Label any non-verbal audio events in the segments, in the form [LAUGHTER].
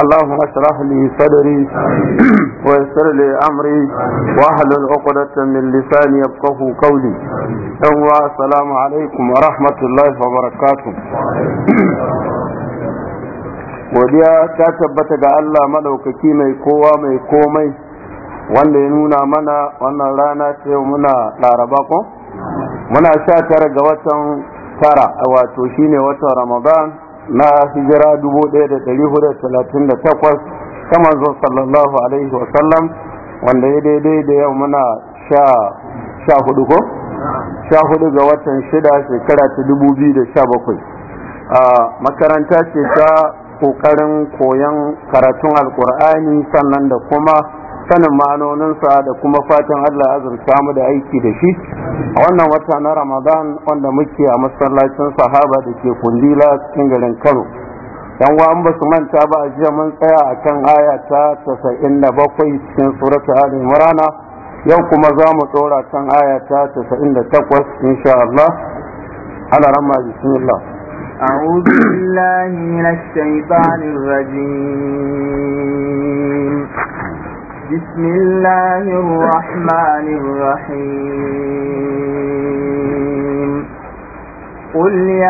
اللهم اشرح لي صدري ويسر لي امري واحلل عقدة من لساني يفقه قولي هو السلام عليكم ورحمة الله وبركاته وديا ta tabbata ga Allah madaukaki mai kowa mai komai wanda ya nuna mana wannan rana ce muna laraba ko muna sha tara ga watan tara wato shine watan ramadan na hijira 1438 ta manzo sallallahu alaihi wasallam wanda ya daidai da yau muna sha hudu ko? sha hudu ga watan shida shekara ta 2017 a makaranta ce ta kokarin koyon karatun alkur'ani sannan da kuma sanin ma'anoninsa da kuma fatan Allah ya azurta mu da aiki da shi a wannan wata na Ramadan wanda muke a masallacin sahaba da ke kundila cikin garin Kano. Dan wa an ba su manta ba a jiya mun tsaya a kan aya ta 97 cikin suratul Ali Imran yau kuma za mu tsora kan aya ta 98 insha Allah. Ala ramma bismillah. أعوذ بالله من الشيطان الرجيم بسم الله الرحمن الرحيم قل يا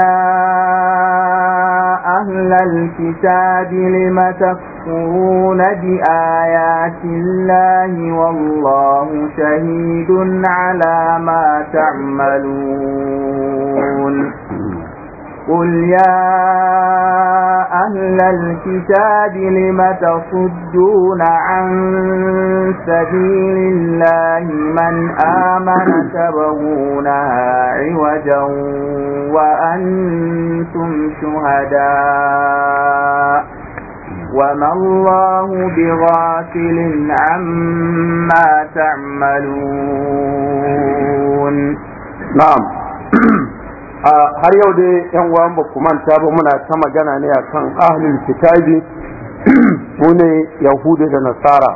أهل الكتاب لم تكفرون بآيات الله والله شهيد على ما تعملون قل يا أهل الكتاب لم تصدون عن سبيل الله من آمن تبغونها عوجا وأنتم شهداء وما الله بغافل عما تعملون نعم [CLEARS THROAT] har yau dai yan uwan ba ta ba muna ta magana ne akan ahlul kitabi [CLEARS THROAT] su ne yahudu da nasara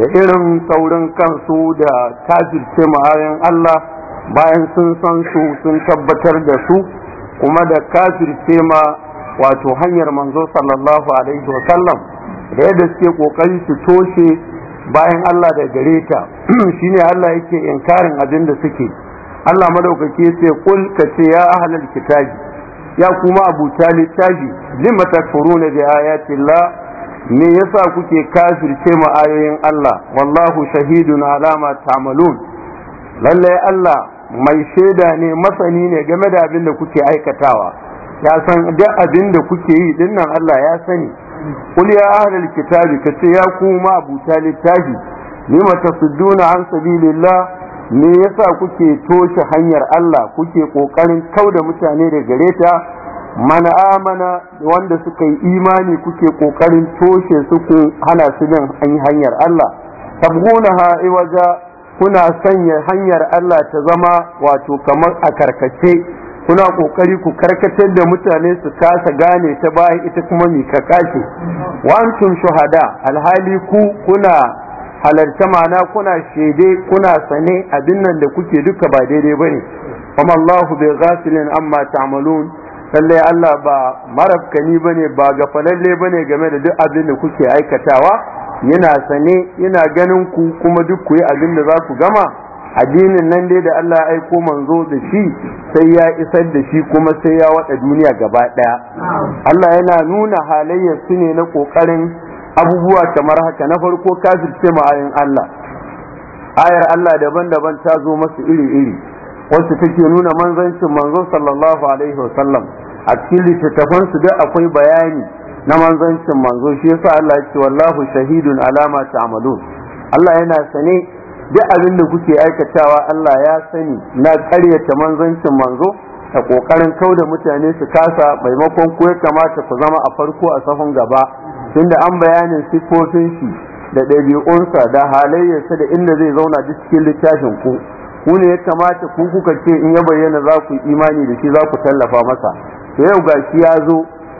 da irin saurin kansu da ce ma'ayin Allah bayan sun san su sun tabbatar da su kuma da ce ma wato hanyar manzo sallallahu alaihi wa sallam da yadda suke kokari su toshe bayan Allah da gare ta [CLEARS THROAT] shine Allah yake inkarin abin da suke Allah madaukaki sai kul ka ce ya ahlul kitabi ya kuma abuta littafi lima takfuruna bi ayati Allah me yasa kuke kafirce mu ayoyin Allah wallahu shahidun alama ta'malun lalle Allah mai shaida ne masani ne game da abin da kuke aikatawa ya san duk abin da kuke yi dinnan Allah ya sani kul ya ahlul kitabi ka ce ya kuma abuta littafi lima tasudduna an sabilillah me yasa kuke toshe hanyar Allah kuke kokarin da mutane da gare ta mana amana wanda suka yi imani kuke kokarin toshe su ku hana su bin hanyar Allah ha iwaja kuna sanya hanyar Allah ta zama wato kamar a karkace kuna kokari ku karkatar da mutane su kasa gane ta bayan ita kuma mi kakace wancin shuhada alhali ku kuna halarta ma'ana kuna shede kuna sane abin nan da kuke duka ba daidai bane kuma Allahu bai ghafilin amma ta'malun lallai Allah ba marafkani bane ba gafalalle bane game da duk abin da kuke aikatawa yana sane yana ganin ku kuma duk ku yi abin da za ku gama addinin nan dai da Allah ya aiko manzo da shi sai ya isar da shi kuma sai ya wada duniya gaba daya Allah yana nuna halayyar su ne na kokarin abubuwa kamar haka na farko kafirce ma ayin Allah ayar Allah daban-daban ta zo masu iri-iri wacce take nuna manzancin manzo sallallahu alaihi wasallam a cikin littattafan su da akwai bayani na manzancin manzo shi yasa Allah ya ce wallahu shahidun alama ta'malun Allah yana sane duk abin da kuke aikatawa Allah ya sani na ƙaryata manzancin manzo a ƙoƙarin kauda mutane su kasa maimakon ko ya kamata ku zama a farko a sahun gaba Tun da an bayanin siffofin shi da ɗabi'unsa da halayyarsa da inda zai zauna duk cikin littafin ku ku ne ya kamata ku kuka ce in ya bayyana za ku imani da shi za ku tallafa masa to yau gashi ya zo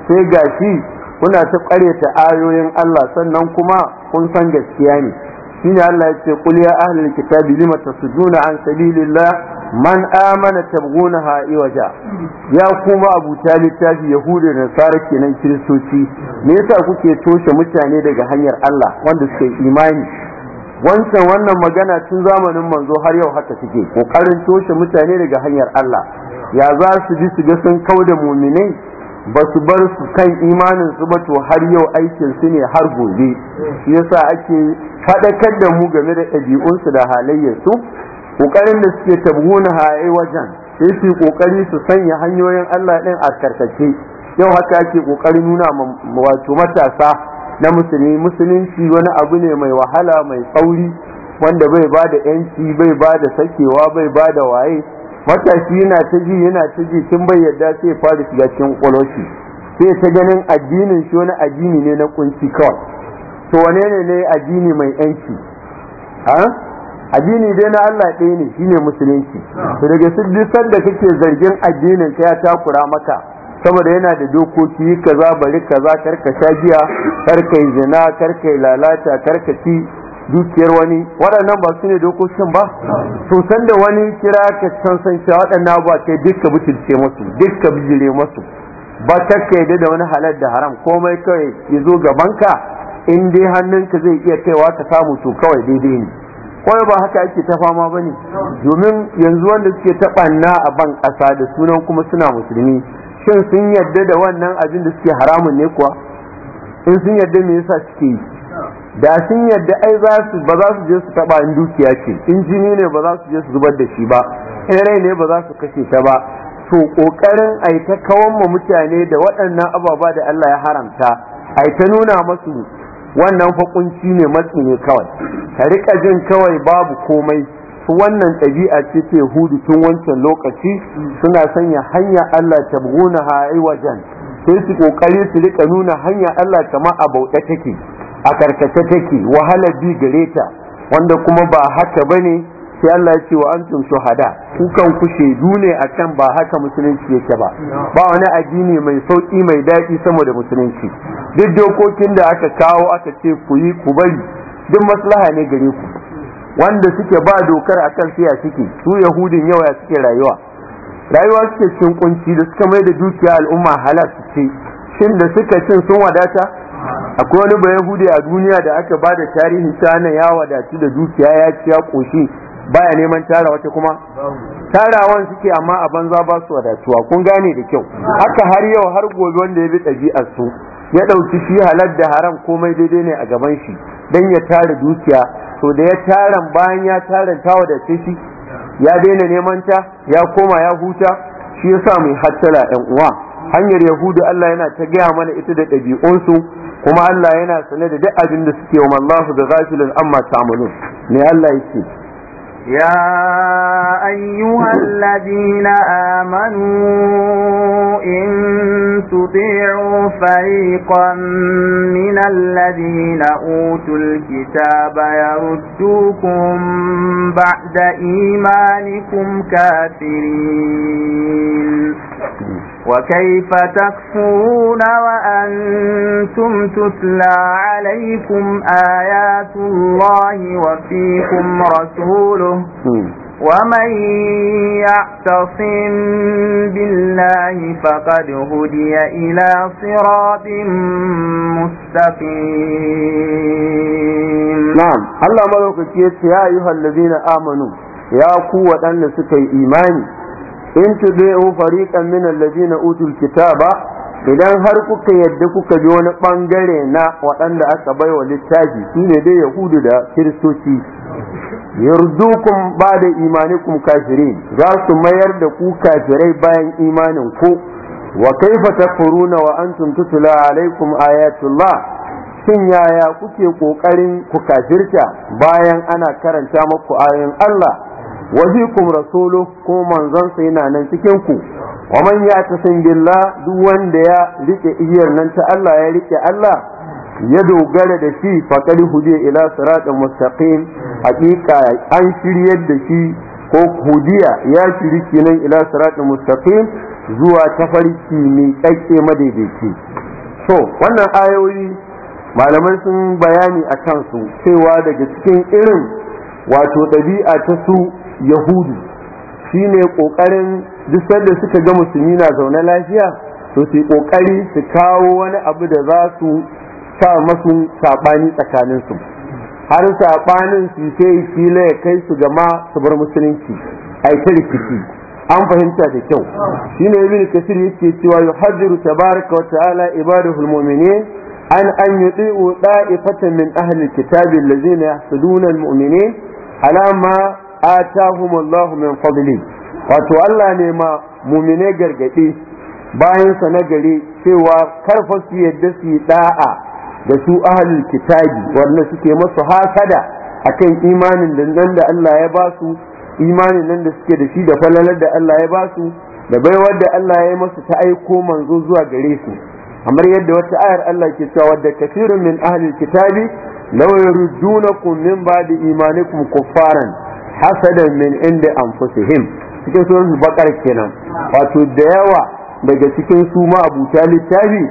sai gashi kuna ta ƙareta ayoyin Allah sannan kuma kun san gaskiya ne shine Allah yace qul ya ahlul kitabi lima tasuduna an sabilillah man amana tabghunaha iwaja ya kuma abuta littafi yahudi da nasara kenan kiristoci me yasa kuke toshe mutane daga hanyar Allah wanda suke imani wancan wannan magana tun zamanin manzo har yau haka suke kokarin toshe mutane daga hanyar Allah ya za su ji su ga sun kauda muminai ba su bar su kan imanin su ba to har yau aikin su ne har gobe shi yasa ake faɗakar da mu game da ɗabi'unsu da halayyarsu ƙoƙarin da suke ha ai wajen sai su kokari su sanya hanyoyin Allah ɗin a karkace yau haka ake ƙoƙarin nuna wato matasa na musulmi musulunci wani abu ne mai wahala mai tsauri wanda bai ba da yanci bai bada sakewa bai ba da waye matashi yana ta ji yana ta ji kin bai yadda sai fara shiga cikin kwaloshi sai ta ganin addinin shi wani addini ne na kunci kawai to wane ne ne addini mai yanci ha addini dai na Allah ɗaya ne shine musulunci to daga su da kake zargin addinin ka ya takura maka saboda yana da dokoki kaza bari kaza karka sha karka zina karka lalata karka ci dukiyar wani waɗannan ba su ne dokokin ba to san da wani kira ka can san cewa waɗannan abuwa kai duka butulce musu duka bijire masu. ba ta kaida da wani halar da haram komai kawai ya zo gabanka in dai hannunka zai iya kaiwa ka samu to kawai daidai ne kawai ba haka ake ta fama ba ne domin yanzu wanda suke taɓanna a ban ƙasa da sunan kuma suna musulmi shin sun yarda da wannan abin da suke haramun ne kuwa in sun yarda me yasa suke yi da sun yadda ai za su ba za su je su taba in dukiya ce in jini ne ba za su je su zubar da shi ba in ne ba za su kashe ta ba to kokarin ai ta kawon mu mutane da waɗannan ababa da Allah ya haramta ai ta nuna masu wannan fakunci ne matsi ne kawai ka rika jin kawai babu komai su wannan ɗabi'a ce ta yahudu tun wancan lokaci suna sanya hanya Allah ta buguna ha wajen sai su kokari su rika nuna hanya Allah kama a bauɗe take a karkace take wahala bi gare ta wanda kuma ba haka bane sai Allah ya ce wa antum shuhada kukan ku shaidu ne akan ba haka musulunci yake ba ba wani addini mai sauki mai daɗi sama da musulunci duk dokokin da aka kawo aka ce ku yi ku bari duk maslaha ne gare ku wanda suke ba dokar akan siya suke su yahudin yau ya suke rayuwa rayuwa suke cin kunci da suka mai da dukiya al'umma halal su ce shin da suka cin sun wadata akwai wani ba yahudi a duniya da aka ba da tarihin sana ya wadatu da dukiya ya ci ya koshi baya neman tara wata kuma tarawan suke amma a banza ba su wadatuwa kun gane da kyau haka har yau har gobe wanda ya bi ɗabi'ar su ya ɗauki shi halar da haram komai daidai ne a gaban shi don ya tara dukiya to da ya taran bayan ya tara ta wadace shi ya daina neman ta ya koma ya huta shi yasa mai hattala yan uwa hanyar yahudu Allah yana ta gaya mana ita da ɗabi'unsu kuma Allah yana sane da duk abin da suke wa Allah da zafi amma ta mulu Allah ya ce ya ayyuha alladhina amanu in tuti'u fariqan min alladhina utul kitaba yarudukum ba'da imanikum kafirin وكيف تكفرون وأنتم تتلى عليكم آيات الله وفيكم رسوله ومن يعتصم بالله فقد هدي إلى صراط مستقيم نعم الله ملوك يا أيها الذين آمنوا يا قوة أن سكي إيماني in tubi'u fariqan min alladhina utul kitaba idan har kuka yadda kuka bi wani bangare na waɗanda aka bai wa littafi shine dai yahudu da kiristoci yurdukum ba'da imanikum kafirin za su mayar da ku kafirai bayan imanin ku wa kaifa takfuruna wa antum tutla alaikum ayatullah shin yaya kuke kokarin ku kafirta bayan ana karanta muku ayoyin Allah wafikum rasulu kuma manzon sa yana nan cikin ku wa man san billah duk wanda ya rike igiyar nan ta Allah ya rike Allah ya dogara da shi kali hudiya ila siratal mustaqim haqiqa an shiryar da shi ko hudiya ya shiri kenan ila siratal mustaqim zuwa tafarki mai kakke madaidaici so wannan ayoyi malamai sun bayani a kansu cewa daga cikin irin wato ɗabi'a ta su yahudu shine kokarin duk sanda suka ga musulmi na zaune lafiya to su kokari su kawo wani abu da za su sa masu sabani tsakanin har saɓanin su sai kila ya kai su gama su bar musulunci a yi rikici an fahimta da kyau shine ibn kasir yake cewa yuhaddiru tabaraka wa ta'ala ibadahul mu'minin an an yuti'u da'ifatan min ahli kitabi allazina yahsuduna al-mu'minin alama atahumullahu min fadli wato Allah ne ma mumine gargadi bayan sa na gari cewa karfa su yadda su da'a da su ahlul kitabi wanda suke masu hasada akan imanin nan da Allah ya ba su imanin nan da suke da shi da falalar da Allah ya ba su da baiwar da Allah ya yi masu ta aiko manzo zuwa gare su kamar yadda wata ayar Allah ke cewa wadda kafirun min ahlil kitabi law yurdunakum min ba'di imanikum kuffaran hasadan min inda anfusihim cikin su bakar kenan wato da yawa daga cikin su ma abuta littafi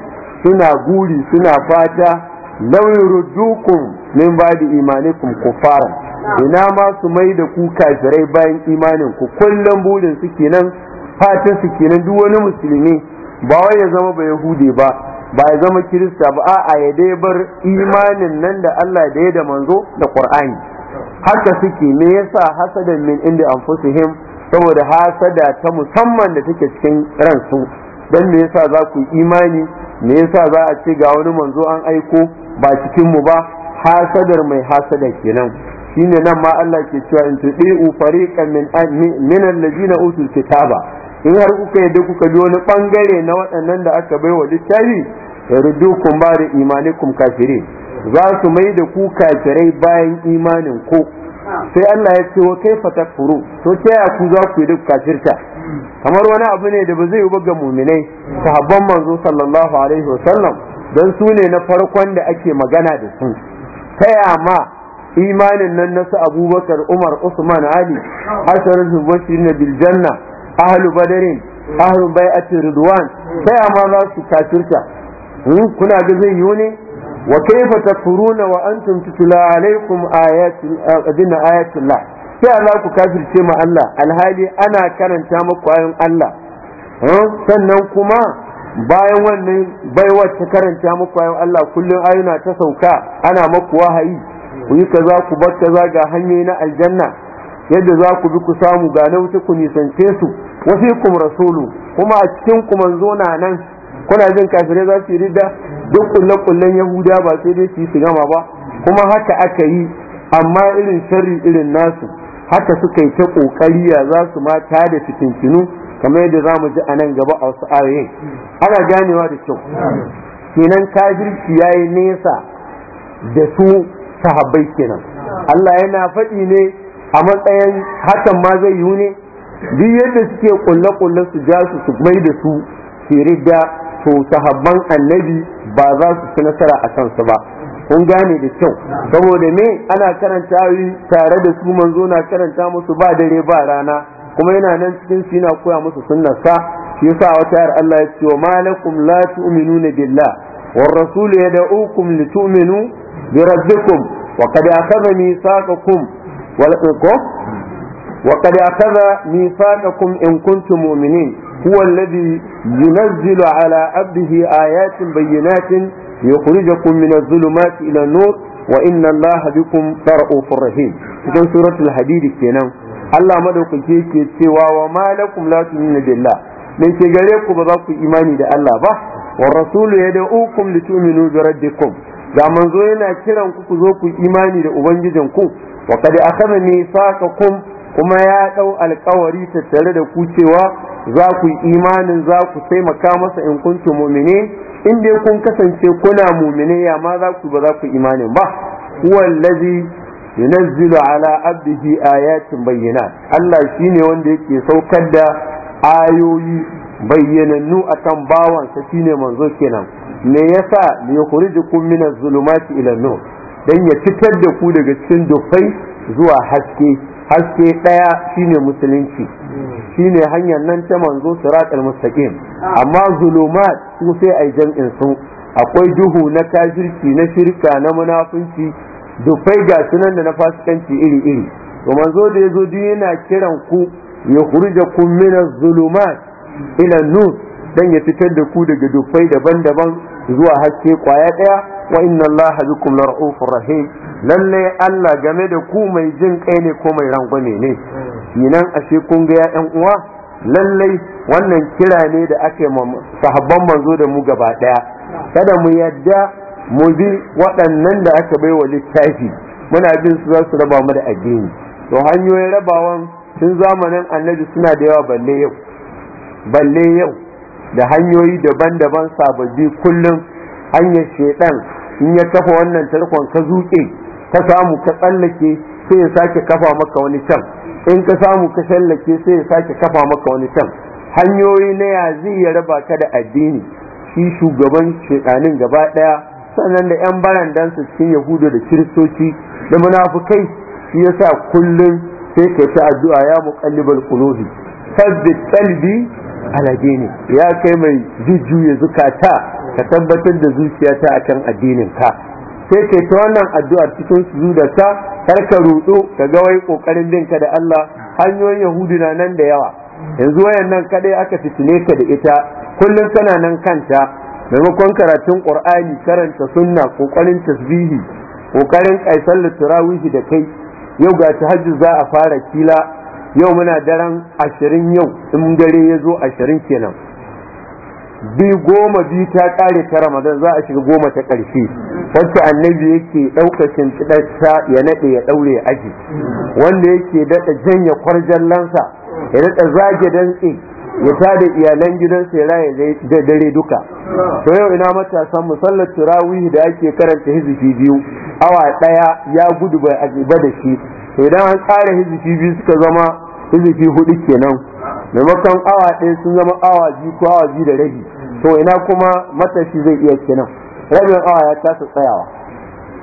suna guri suna fata lauyin rudukum min ba'di imanikum kufara ina ma su mai da ku kafirai bayan imanin ku kullum burin su kenan fatan su kenan duk wani musulmi ba wai ya zama ba yahudi ba ba ya zama kirista ba a'a ya dai bar imanin nan da Allah da ya da manzo da Qur'ani haka suke me yasa hasadan min inda anfusihim saboda hasada ta musamman da take cikin ransu dan me yasa za ku imani me yasa za a ce ga wani manzo an aiko ba cikin mu ba hasadar mai hasada kenan shine nan ma Allah ke cewa in tudiu fariqan min min allazina utul kitaba in har kuka yadda kuka bi wani bangare na waɗannan da aka baiwa littafi kun ba da imanikum kafirin za su mai da ku kafirai bayan imanin ko sai Allah ya ce wa fata furu, to ta yaya ku za ku yi duk kafirta kamar wani abu ne da ba zai yi ba ga muminai sahabban manzo sallallahu alaihi wa sallam dan su ne na farkon da ake magana da su ta yaya ma imanin nan na su Abubakar Umar Usman Ali Hasan Zubairu bil janna ahlu badarin ahlu bai'atir ridwan ta yaya ma za su kafirta hmm, kuna ga zai yi ne wa kaifa takfuruna wa antum tutla alaikum ayatin adina ayatullah sai Allah ku kafirce ma Allah alhali ana karanta muku ayoyin Allah sannan kuma bayan wannan baiwar ta karanta muku ayoyin Allah kullum ayuna ta sauka ana muku wahayi ku yi kaza ku bar kaza ga hanyoyi na aljanna yadda za ku bi ku samu ga na wuta ku nisance su wasu kum rasulu kuma a cikin ku manzo na nan kuna jin kafirai za su yi ridda duk kullakullen yahuda ba sai dai su yi su gama ba kuma haka aka yi amma irin sharri irin nasu haka suka yi ta kokari ya za su ma ta da fitincinu kamar yadda za mu ji a nan gaba a wasu ayoyin ana ganewa da kyau kenan kafirci ya yi nesa da su sahabbai kenan Allah yana faɗi ne a matsayin hakan ma zai yiwu ne duk yadda suke kulle-kulle su ja su su mai da su firida to sahabban annabi ba za su ci nasara a kansu ba kun gane da kyau saboda me ana karanta yi tare da su manzo na karanta musu ba dare ba rana kuma yana nan cikin su yana koya musu sunnar sa shi yasa wata yar Allah ya ce wa malakum la tu'minuna billah war rasul yad'ukum litu'minu bi rabbikum wa qad akhadha mithaqakum wa laqad akhadha mithaqakum in kuntum mu'minin هو الذي ينزل على عبده آيات بينات يخرجكم من الظلمات إلى النور وإن الله بكم لرؤوف رحيم في سورة الحديد كنا Allah madaukake ke cewa wa malakum la tu'minu billah dan ke gare ku ba za ku imani da Allah ba wa rasulu yad'ukum litu'minu bi rabbikum ga manzo yana kiran ku ku zo ku imani da ku. wa qad akhadha mithaqakum kuma ya ɗau alkawari tattare da ku cewa za ku yi imanin za ku taimaka masa in kuntu mumine in dai kun kasance kuna mumine ya ma za ku ba za ku imanin ba wallazi yunazzilu ala abdihi ayatin bayyana Allah shine wanda yake saukar da ayoyi bayyanannu akan bawansa shine manzo kenan me yasa ya yukhrijukum min az-zulumati ila an-nur dan ya fitar da ku daga cikin dufai zuwa haske haske ɗaya shine musulunci shine hanyar nan ta manzo al mustaqim amma zulumat su sai ai jam'in su akwai duhu na kafirci na shirka na munafunci dufai ga sunan da na fasikanci iri iri to manzo da yazo duk yana kiran ku ya khurija kun min zulumat ila nur dan ya fitar da ku daga dufai daban-daban zuwa haske kwaya daya wa inna allaha bikum lar'ufur rahim lalle Allah game da ku mai jin kai ne ko mai rangwame ne kinan ashe kun ga ya uwa lalle wannan kira ne da ake sahabban manzo da mu gaba daya kada mu yadda mu bi waɗannan da aka bai wa littafi muna bin su za su raba mu da addini to hanyoyin rabawan tun zamanin annabi suna da yawa balle yau balle yau da hanyoyi daban-daban sababbi kullum hanyar shaiɗan, in ya kafa wannan tarkon ka zuke ka samu ka tsallake sai ya sake kafa maka wani can in ka samu ka shallake sai ya sake kafa maka wani can hanyoyi na ya zai ya raba ka da addini shi shugaban shaidanin gaba daya sannan da yan barandansa cikin yahudu da kiristoci da munafukai shi yasa kullum sai ka ta addu'a ya mu muqallibal qulubi sabbi qalbi alade ne ya kai mai jujjuya zukata ka tabbatar da zuciyata a addinin ka sai kai ta wannan addu'ar cikin sujudarta kar ka rudo ka ga wai kokarin binka da Allah hanyoyin yahudu na nan da yawa yanzu wayan nan kadai aka fitine ka da ita kullum kana nan kanta maimakon karatun qur'ani karanta sunna kokarin tasbihi kokarin kaisar da turawihi da kai yau ga hajji za a fara kila yau muna daren ashirin yau in dare ya zo ashirin kenan bi goma bi ta kare ta ramadan za a shiga goma ta ƙarshe wacce annabi yake ɗaukacin kiɗarsa ya naɗe ya ɗaure ya aji wanda yake daɗa janya lansa ya daɗa zage dantse ya da iyalan gidansa ya raya da dare duka to yau ina matasan musallar turawih da ake karanta hizifi biyu awa ɗaya ya gudu bai ba da shi idan an tsara hizifi biyu suka zama izifi hudu kenan maimakon awa ɗaya sun zama awa biyu ko awa biyu da rabi to ina kuma matashi zai iya kenan rabin awa ya tasa tsayawa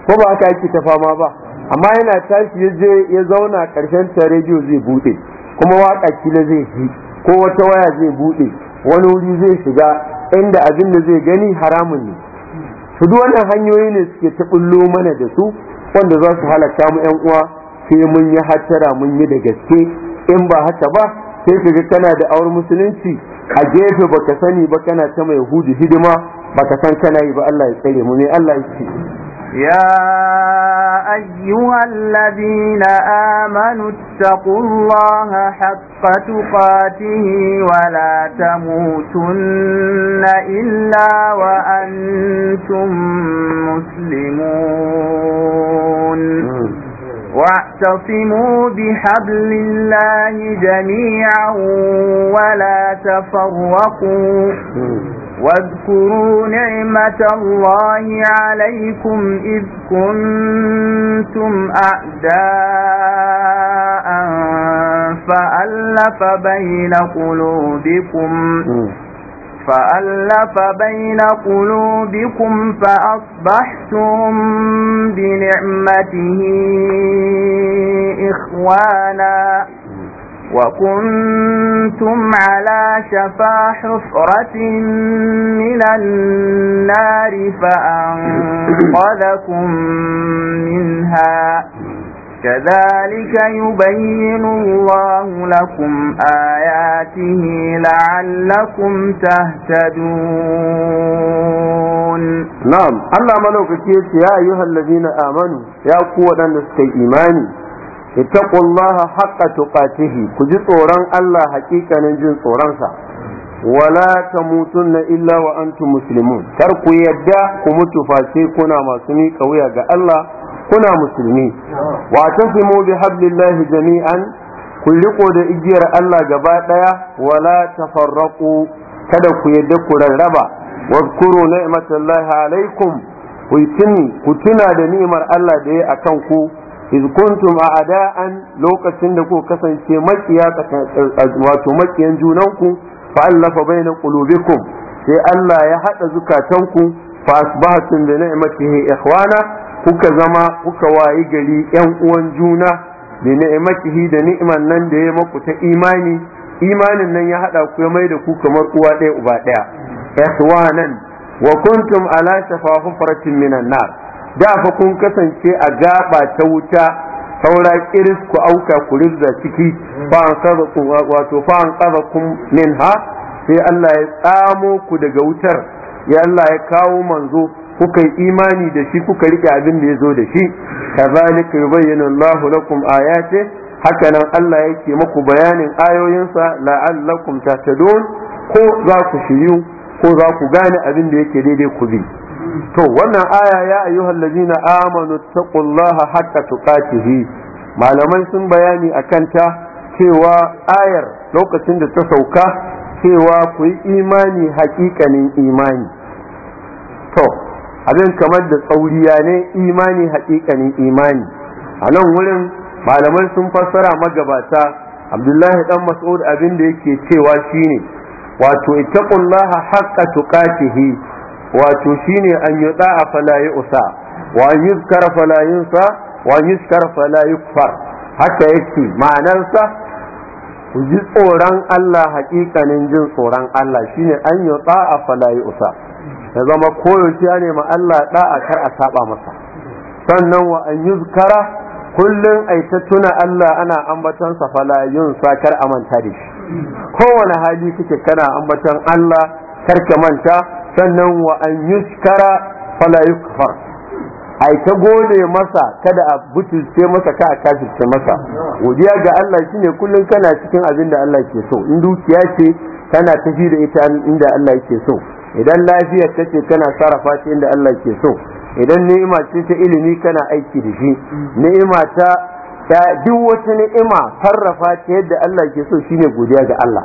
ko ba aka yake ta fama ba amma yana tashi ya je ya zauna karshen ta rediyo zai bude kuma waka kila zai yi, ko wata waya zai bude wani wuri zai shiga inda abin da zai gani haramun ne su duk wannan hanyoyi ne suke ta bullo mana da su wanda za su halaka mu yan uwa sai mun yi hattara mun yi da gaske in ba haka ba sai ka ga kana da awar musulunci a gefe baka sani ba kana ta mai hudu hidima ka san kana yi ba Allah ya tsare mu ne Allah ya ce يا أيها الذين آمنوا اتقوا الله حق تقاته ولا تموتن إلا وأنتم مسلمون واعتصموا بحبل الله جميعا ولا تفرقوا واذكروا نعمة الله عليكم إذ كنتم أعداء فألف بين قلوبكم فألف بين قلوبكم فأصبحتم بنعمته إخوانا وكنتم على شفا حفرة من النار فأنقذكم منها كذلك يبين الله لكم آياته لعلكم تهتدون نعم الله ملوك يا أيها الذين آمنوا يا قوة نسكي إيماني اتقوا الله حق تقاته كجد أوران الله حقيقة نجن أورانسا ولا تموتن إلا وأنتم مسلمون تركوا يدا كمتوا فاسيكونا ما سميك ويا الله kuna musulmi wa tasimu bi hablillahi jami'an ku riko da igiyar Allah gaba daya wala tafarraqu kada ku yadda ku rarraba Wa wadkuru ni'matallahi alaikum ku tuna da nimar Allah da ya akan ku iz kuntum a'da'an lokacin da ku kasance makiya wato makiyan junanku fa allafa baina qulubikum sai Allah ya hada zukatanku fa asbahatum bi ni'matihi ikhwana kuka zama kuka wayi gari yan uwan juna bi ni'matihi da ni'man nan da ya maku ta imani imanin nan ya hada ku ya mai da ku kamar uwa ɗaya uba ɗaya ihwanan wa kuntum ala shafa hufratin minan nar da fa kun kasance a gaba ta wuta saura kiris ku auka ku rizza ciki fa an kaza ku wato fa an kaza kun minha sai Allah ya tsamo ku daga wutar ya Allah ya kawo manzo kuka yi imani da shi kuka rike abin da ya zo da shi kazalika yubayyinu Allahu lakum ayati haka nan Allah yake muku bayanin ayoyinsa la'allakum tahtadun ko za ku shiryu ko za ku gane abin da yake daidai ku bi to wannan aya ya ayyuhal ladina amanu taqullaha hatta tuqatihi malamai sun bayani akan ta cewa ayar lokacin da ta sauka cewa ku yi imani hakikanin imani to abin kamar da tsauriya ne imani haƙiƙanin imani a nan wurin malamai sun fassara magabata abdullahi dan mas'ud abin da yake cewa shine wato ittaqullaha haqqa tuqatihi wato shine an yuda falaye usa wa an yuzkara fala sa, wa an yuskara fala kufar haka yake ma'anarsa ku ji tsoron Allah haƙiƙanin jin tsoron Allah shine an a falaye usa ya zama koyaushe ya nema Allah da'a kar a saba masa sannan wa an yuzkara kullum ai ta tuna Allah ana ambaton sa fala yun sa kar a manta da shi kowane hali kike kana ambaton Allah kar ka manta sannan wa an yuzkara fala yukfar ai ta gode masa kada a butulce masa ka a kafirce masa godiya ga Allah shine kullum kana cikin abin da Allah ke so in dukiya ce kana tafi da ita inda Allah yake so idan lafiya ta ce kana sarrafa shi inda Allah ke so idan ni'ima ce ta ilimi kana aiki da shi ni'ima ta duk wata ni'ima sarrafa ta yadda Allah ke so shine godiya ga Allah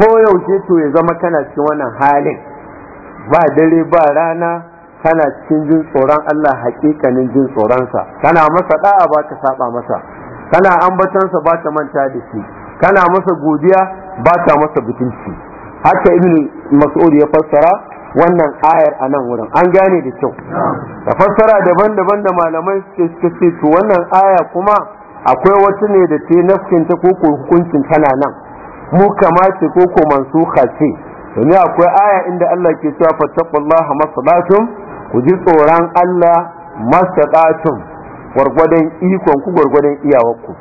ko yaushe to ya zama kana cikin wannan halin ba dare ba rana kana cikin jin tsoron Allah hakikanin jin tsoronsa kana masa da'a ba ka saba masa kana ambatansa ba ka manta da shi kana masa godiya ba ka masa butunci haka ibn mas'ud ya fassara wannan ayar a nan wurin an gane da kyau da fassara daban-daban da malamai suke suke ce to wannan aya kuma akwai wata ne da ta nafkin ta ko hukuncin tana nan mu kamace ko ko mansuha ce domin akwai aya inda Allah ke cewa fattaqullaha masalatum ku ji tsoron Allah masalatum gwargwadon ikon ku gwargwadon iyawarku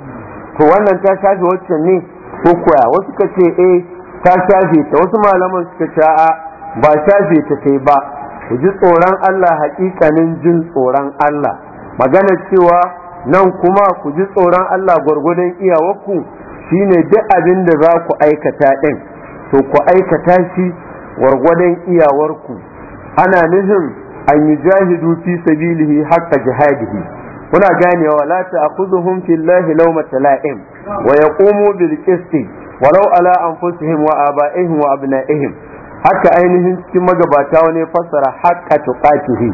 to wannan ta shafi wacce ne ko koya wasu ka ce eh ta shafe ta wasu malaman suka ce ba shafe ta kai ba ku ji tsoron Allah haƙiƙanin jin tsoron Allah magana cewa nan kuma ku ji tsoron Allah gwargwadon iyawarku shine duk abin da za ku aikata ɗin to ku aikata shi gwargwadon iyawarku ana nufin an yi jahidu fi sabilihi haqqa jihadihi kuna ganewa la ta'khudhuhum fillahi lawma tala'im wa yaqumu bil qisti walau ala anfusihim wa aba'ihim wa abna'ihim haka ainihin cikin magabata wani fassara haqqa tuqatihi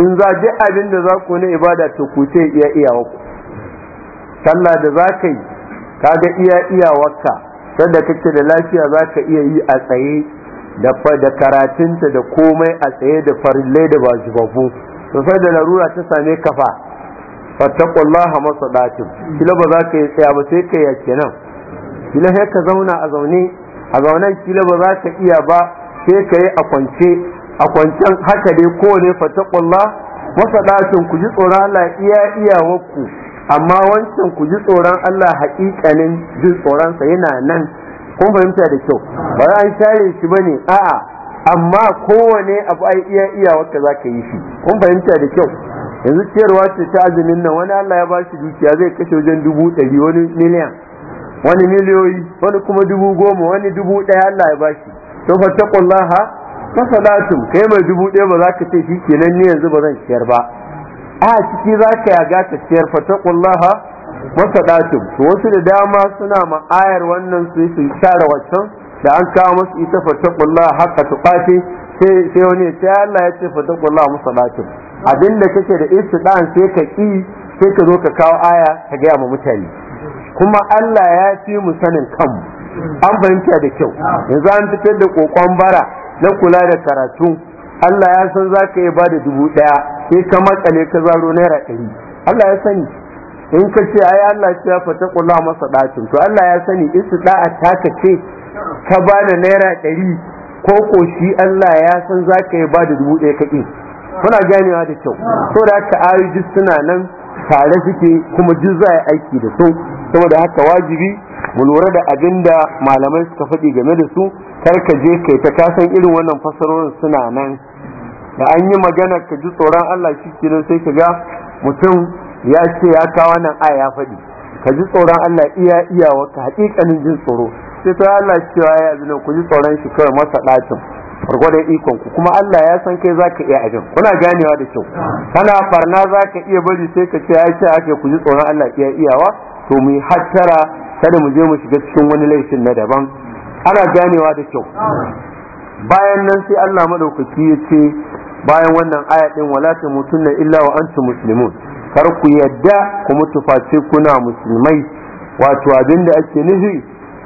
in za ji abin da za ku ne ibada to ku ce iya iyawarku sallah da za ka yi kaga iya iyawarka sanda kake da lafiya za ka iya yi a tsaye da karatunta da komai a tsaye da farillai da ba zubabu to sai da larura ta same ka fa fattaqullaha masadatun kila ba za ka yi tsaya ba sai ka yake kenan. kila sai ka zauna a zaune a zaunen kila ba za ka iya ba sai ka yi a kwance a kwancen haka dai kowane fatakullah wasaɗacin ku ji tsoron Allah iya iyawarku amma wancan ku ji tsoron Allah haƙiƙanin jin tsoronsa yana nan kun fahimta da kyau ba za an share shi ba ne? a'a amma kowane abu ai iya iyawarka za ka yi shi kun fahimta da kyau yanzu ciyarwa ce ta azumin nan wani Allah ya ba shi dukiya zai kashe wajen dubu ɗari wani miliyan wani miliyoyi wani kuma dubu goma wani dubu ɗaya Allah ya bashi to fa salatu kai mai dubu ɗaya ba za ka ce shikenan ne yanzu ba zan ciyar ba a ciki za ka yaga ta ciyar fattaqullaha salatu to wasu da dama suna ma'ayar wannan su su tsara waccan da an kawo masu ita taqullaha haqqa tuqati sai sai wani ya Allah ya ce fattaqullaha masalatu abinda kake da istidan sai ka ki sai ka zo ka kawo aya ka ga ma mutane kuma Allah ya fi mu sanin kanmu an fahimta da kyau yanzu an fitar da kokon bara na kula da karatu Allah ya san za ka yi ba da dubu ɗaya sai ka makale ka zaro naira ɗari Allah ya sani in ka ce ai Allah ce ya fata kula masa ɗacin to Allah ya sani isu ɗa'a ta ka ce ka ba da naira ɗari ko ko shi Allah ya san za ka yi ba da dubu ɗaya ka kuna ganewa da kyau saboda da haka ayoyi suna nan tare suke kuma duk za aiki da su saboda haka wajibi mu lura da abin da malamai suka faɗi game da su kar ka je kai ta kasan irin wannan fasarorin suna nan da an yi magana ka ji tsoron Allah shi kenan sai ka ga mutum ya ce ya kawo nan aya ya faɗi ka ji tsoron Allah iya iyawa ka haƙiƙanin jin tsoro sai ta Allah shi ya yi zina ku ji tsoron shi kawai masa ɗacin farko ikon ku kuma Allah ya san kai zaka iya abin kuna ganewa da kyau kana farna zaka iya bari sai ka ce ya ce ake ku ji tsoron Allah iya iyawa to mu hattara kada mu je mu shiga cikin wani laifin na daban ana ganewa da kyau bayan nan sai Allah madaukaki ya ce bayan wannan aya din wala mutunna illa wa antum muslimun kar ku yadda ku mutufaci kuna musulmai wato abinda ake nufi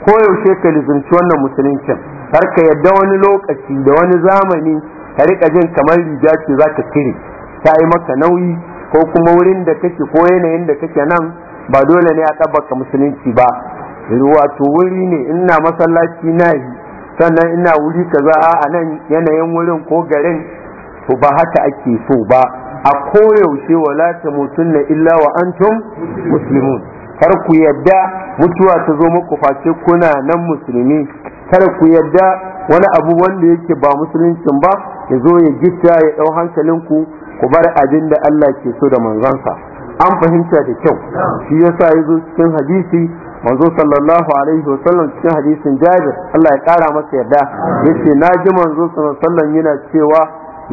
ko yaushe ka lizinci wannan musuluncin kar ka yadda wani lokaci da wani zamani ka rika jin kamar riga ce zaka cire ta yi maka nauyi ko kuma wurin da kake ko yanayin da kake nan ba dole ne a ɗabbaka musulunci ba wato wuri ne ina masallaci na yi sannan ina wuri kaza a nan yanayin wurin ko garin to ba haka ake so ba a koyaushe wala ta na illa wa antum muslimun kar ku yadda mutuwa ta zo muku face kuna nan musulmi kar ku yadda wani abu wanda yake ba musuluncin ba ya zo ya gita ya ɗau hankalinku ku bar abin da Allah ke so da manzansa an fahimta da kyau shi yasa ya zo cikin hadisi manzo sallallahu alaihi wasallam cikin hadisin jabir Allah ya kara masa yarda yace na ji manzo sallallahu alaihi wasallam yana cewa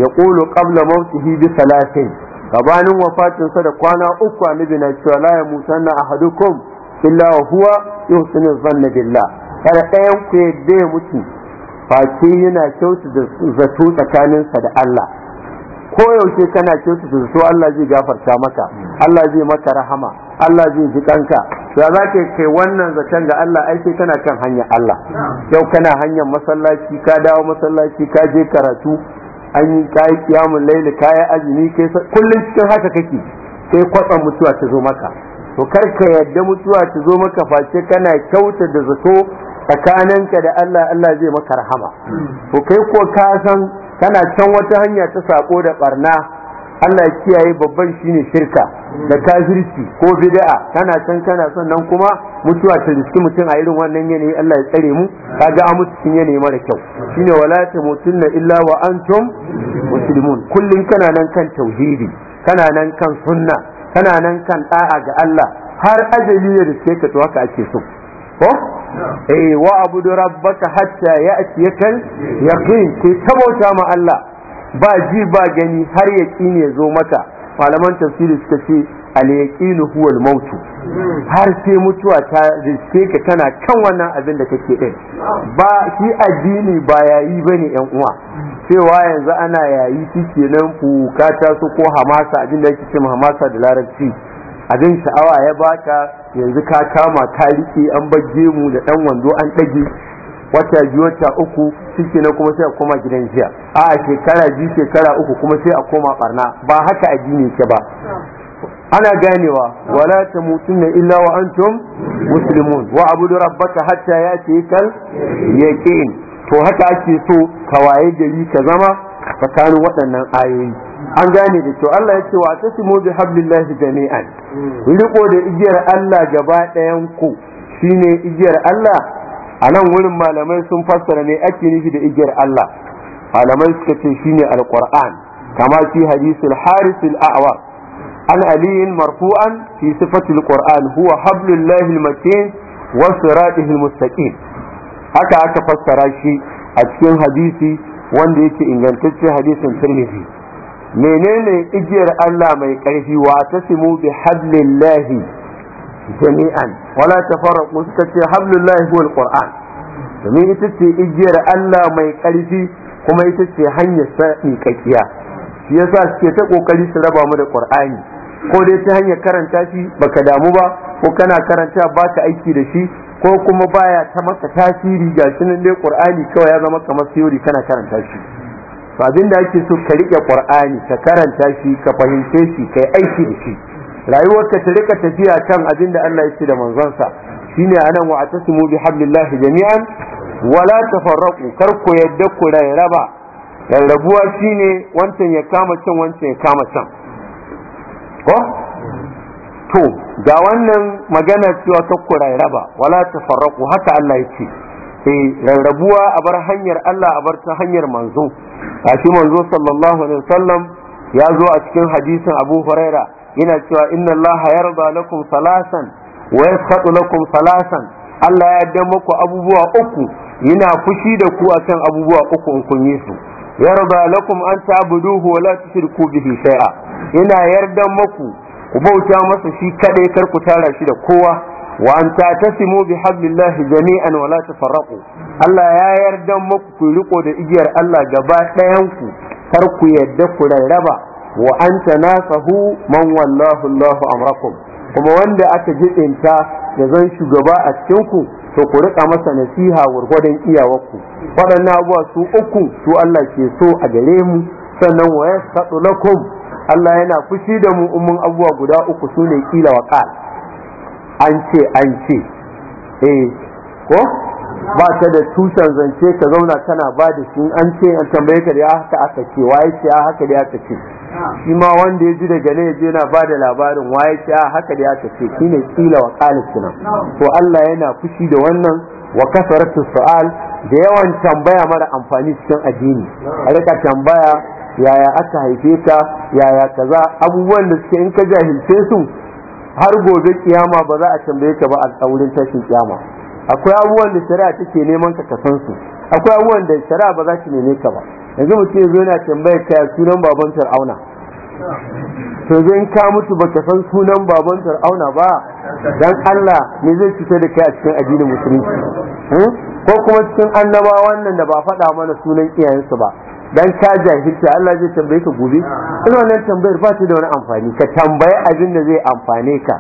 ya qulu qabla mautihi bi salatin gabanin wafatin sa da kwana uku annabi na cewa la yamutanna ahadukum illa huwa yuhsinu dhanna billah kada ɗayan ku ya mutu face yana kyautu da zato tsakaninsa da Allah koyaushe kana kyautata so Allah zai gafarta maka Allah zai maka rahama Allah zai ji kanka ya za ka kai wannan zaton da Allah ai sai kana kan hanya Allah yau kana hanyar masallaci ka dawo masallaci ka je karatu an yi kayi kiyamun laili kayi azumi kai kullum cikin haka kake sai kwatsan mutuwa ta zo maka to kar ka yadda mutuwa ta zo maka face kana kyauta da zato tsakaninka da Allah Allah zai maka rahama to kai ko ka san kana can wata hanya ta sako da barna Allah ya kiyaye babban shine shirka da kafirci ko bid'a kana can kana sannan kuma mutuwa ta riski mutum a irin wannan yanayi Allah ya tsare mu kaga a mutu cikin yanayi mara kyau shine wala ta mutunna illa wa antum muslimun kullun kana nan kan tauhidi kana nan kan sunna kana nan kan da'a ga Allah har ajali ya riske ka to haka ake so ko eh wa abudu rabbaka hatta ya'tiyakal yaqin ki tabauta ma Allah ba ji ba gani har yaqin ya zo maka malaman tafsiri suka ce al yaqinu huwa al maut har sai mutuwa ta riske ka tana kan wannan abin da kake din ba shi addini ba yayi bane yan uwa cewa yanzu ana yayi kike nan fuka ta su ko hamasa abin da yake ce hamasa da larabci abin sha'awa ya baka yanzu ka kama ka riƙe an bar mu da ɗan wando an ɗage wata biyu wata uku ciki na kuma sai a koma gidan jiya a shekara biyu shekara uku kuma sai a koma barna ba haka addini ke ba ana ganewa wala ta tamutunna illa wa antum muslimun wa abudu rabbaka hatta kal yaqin to haka ake so ka waye gari ka zama tsakanin waɗannan ayoyi an gane da kyau Allah ya ce wa simo bi hablillahi jami'an hmm. riko da igiyar Allah gaba ɗayan ku shine igiyar Allah a nan wurin malamai sun fassara ne ake nufi da igiyar Allah malamai suka ce shine alquran kama fi hadisul haris al-a'wa an aliyin marfu'an fi sifati alquran huwa hablillahi almatin wa siratihi almustaqim haka aka fassara shi a cikin hadisi wanda yake ingantacce hadisin tirmidhi menene igiyar Allah mai ƙarfi wa tasimu bi hablillahi jami'an wala tafarraqu suka ce hablillahi huwa alquran domin ita ce igiyar Allah mai ƙarfi kuma ita ce hanyar sa miƙaƙiya shi yasa suke ta kokari su raba mu da qur'ani ko dai ta hanyar karanta shi baka damu ba ko kana karanta ba ka aiki da shi ko kuma baya ta maka tasiri ga shi dai qur'ani kawai ya zama kamar theory kana karanta shi to abin da ake so ka riƙe qur'ani ka karanta shi ka fahimce shi kai aiki da shi Rayuwar ka ta rika tafiya kan abin da Allah ya ce da manzonsa shine anan wa atasimu bi hablillahi jami'an wala tafarraqu kar ku yadda ku raba rarrabuwa shine wancan ya kama can wancan ya kama can ko to ga wannan magana cewa ta ku raba wala tafarraqu haka Allah ya ce eh rarrabuwa a bar hanyar Allah a bar ta hanyar manzo a shi manzo sallallahu alaihi wasallam ya zo a cikin hadisin Abu Huraira yana cewa inna Allah yarda lakum salasan wa yasqatu lakum salasan Allah ya yarda muku abubuwa uku yana fushi da ku akan abubuwa uku in kun yi su yarda lakum an ta'buduhu wa la tushriku bihi shay'a yana yarda muku ku bauta masa shi kadai kar ku tara shi da kowa wa ta tatasimu bi hablillahi jami'an wa la tafarraqu Allah ya yarda muku ku riko da igiyar Allah gaba ɗayan ku kar ku yarda ku rarraba wa an tanasahu man wallahu Allahu amrakum kuma wanda aka jidinta da zan shugaba a cikin ku to ku rika masa nasiha gurgurdan iyawarku waɗannan buwa su uku su Allah ke so a gare mu sannan wa lakum Allah yana fushi da mu umman abubuwa guda uku sune kila wa an ce an ce eh ko ba ta da tushen zance ka zauna kana ba da shi an ce an tambaye ka da ya haka aka ce waye ce ya haka da ya aka ce shi ma wanda ya ji daga ne ya je na ba da labarin waye ce ya haka da ya aka ce shine kila wa qalitina to Allah yana fushi da wannan wa kasaratu su'al da yawan tambaya mara amfani cikin addini a rika tambaya yaya aka haife ka yaya kaza abubuwan da suke in ka jahilce su har gobe kiyama ba za a tambaye ka ba a wurin tashin kiyama akwai abubuwan da shari'a take neman ka kasan su akwai abubuwan da shari'a ba za ta neme ka ba yanzu mutum ya zo yana tambayar ka sunan baban fir'auna to zai ka mutu ba ka san sunan baban fir'auna ba dan Allah me zai cutar da kai a cikin addinin musulunci hmm? ko kuma cikin annaba wannan da ba faɗa mana sunan iyayensu ba dan ka jahilta Allah zai tambaye ka gobe ina wannan tambayar ba ta da wani amfani ka tambayi abin da zai amfane ka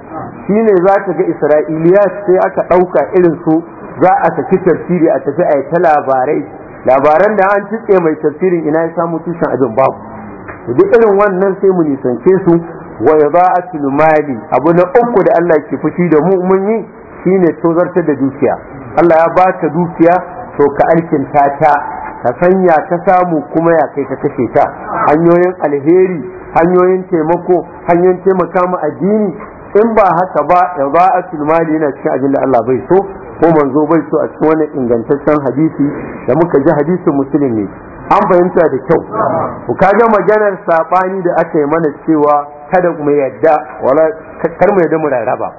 shine za ka ga Isra'iliya sai aka ɗauka irin su za a saki tafsiri a tafi a ta labarai labaran da an tutse mai tafsirin ina ya samu tushen ajin babu duk irin wannan sai mu nisance su wa yada'atul mali abu na uku da Allah ke fushi da mu mun yi shine tozartar da dukiya Allah ya baka dukiya to ka alkinta ta ka sanya ka samu kuma ya kai ka kashe ta hanyoyin alheri hanyoyin taimako hanyoyin taimaka mu addini in ba haka ba yada'atul mali yana cikin abin da Allah bai so ko manzo bai so a cikin wannan ingantaccen hadisi da muka ji hadisin musulmi an fahimta da kyau ku kaga maganar sabani da aka yi mana cewa kada mu yadda wala kar mu yadda mu raraba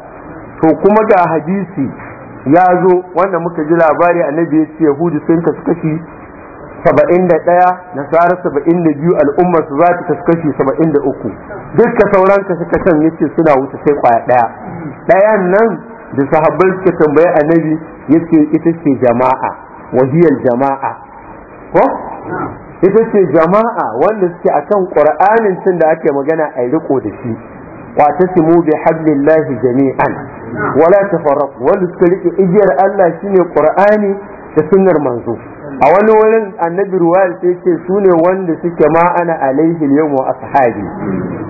to kuma ga hadisi ya zo wanda muka ji labari annabi ya ce yahudu sun ka kashi saba'in da ɗaya nasara saba'in da biyu al'ummar su za ta kashi saba'in da duka sauran ka suka can yace suna wuce sai kwaya ɗaya ɗayan nan da sahabbai suka tambaye annabi yace ita ce jama'a wahiyar jama'a ko ita ce jama'a wanda suke akan qur'anin cin da ake magana a riko da shi mu bi hablillahi jami'an wala tafarraq wanda suka rike igiyar Allah shine ƙur'ani da sunnar manzo a wani wurin annabi ruwaya sai ce su ne wanda suke ma ana alaihi yau wa ashabi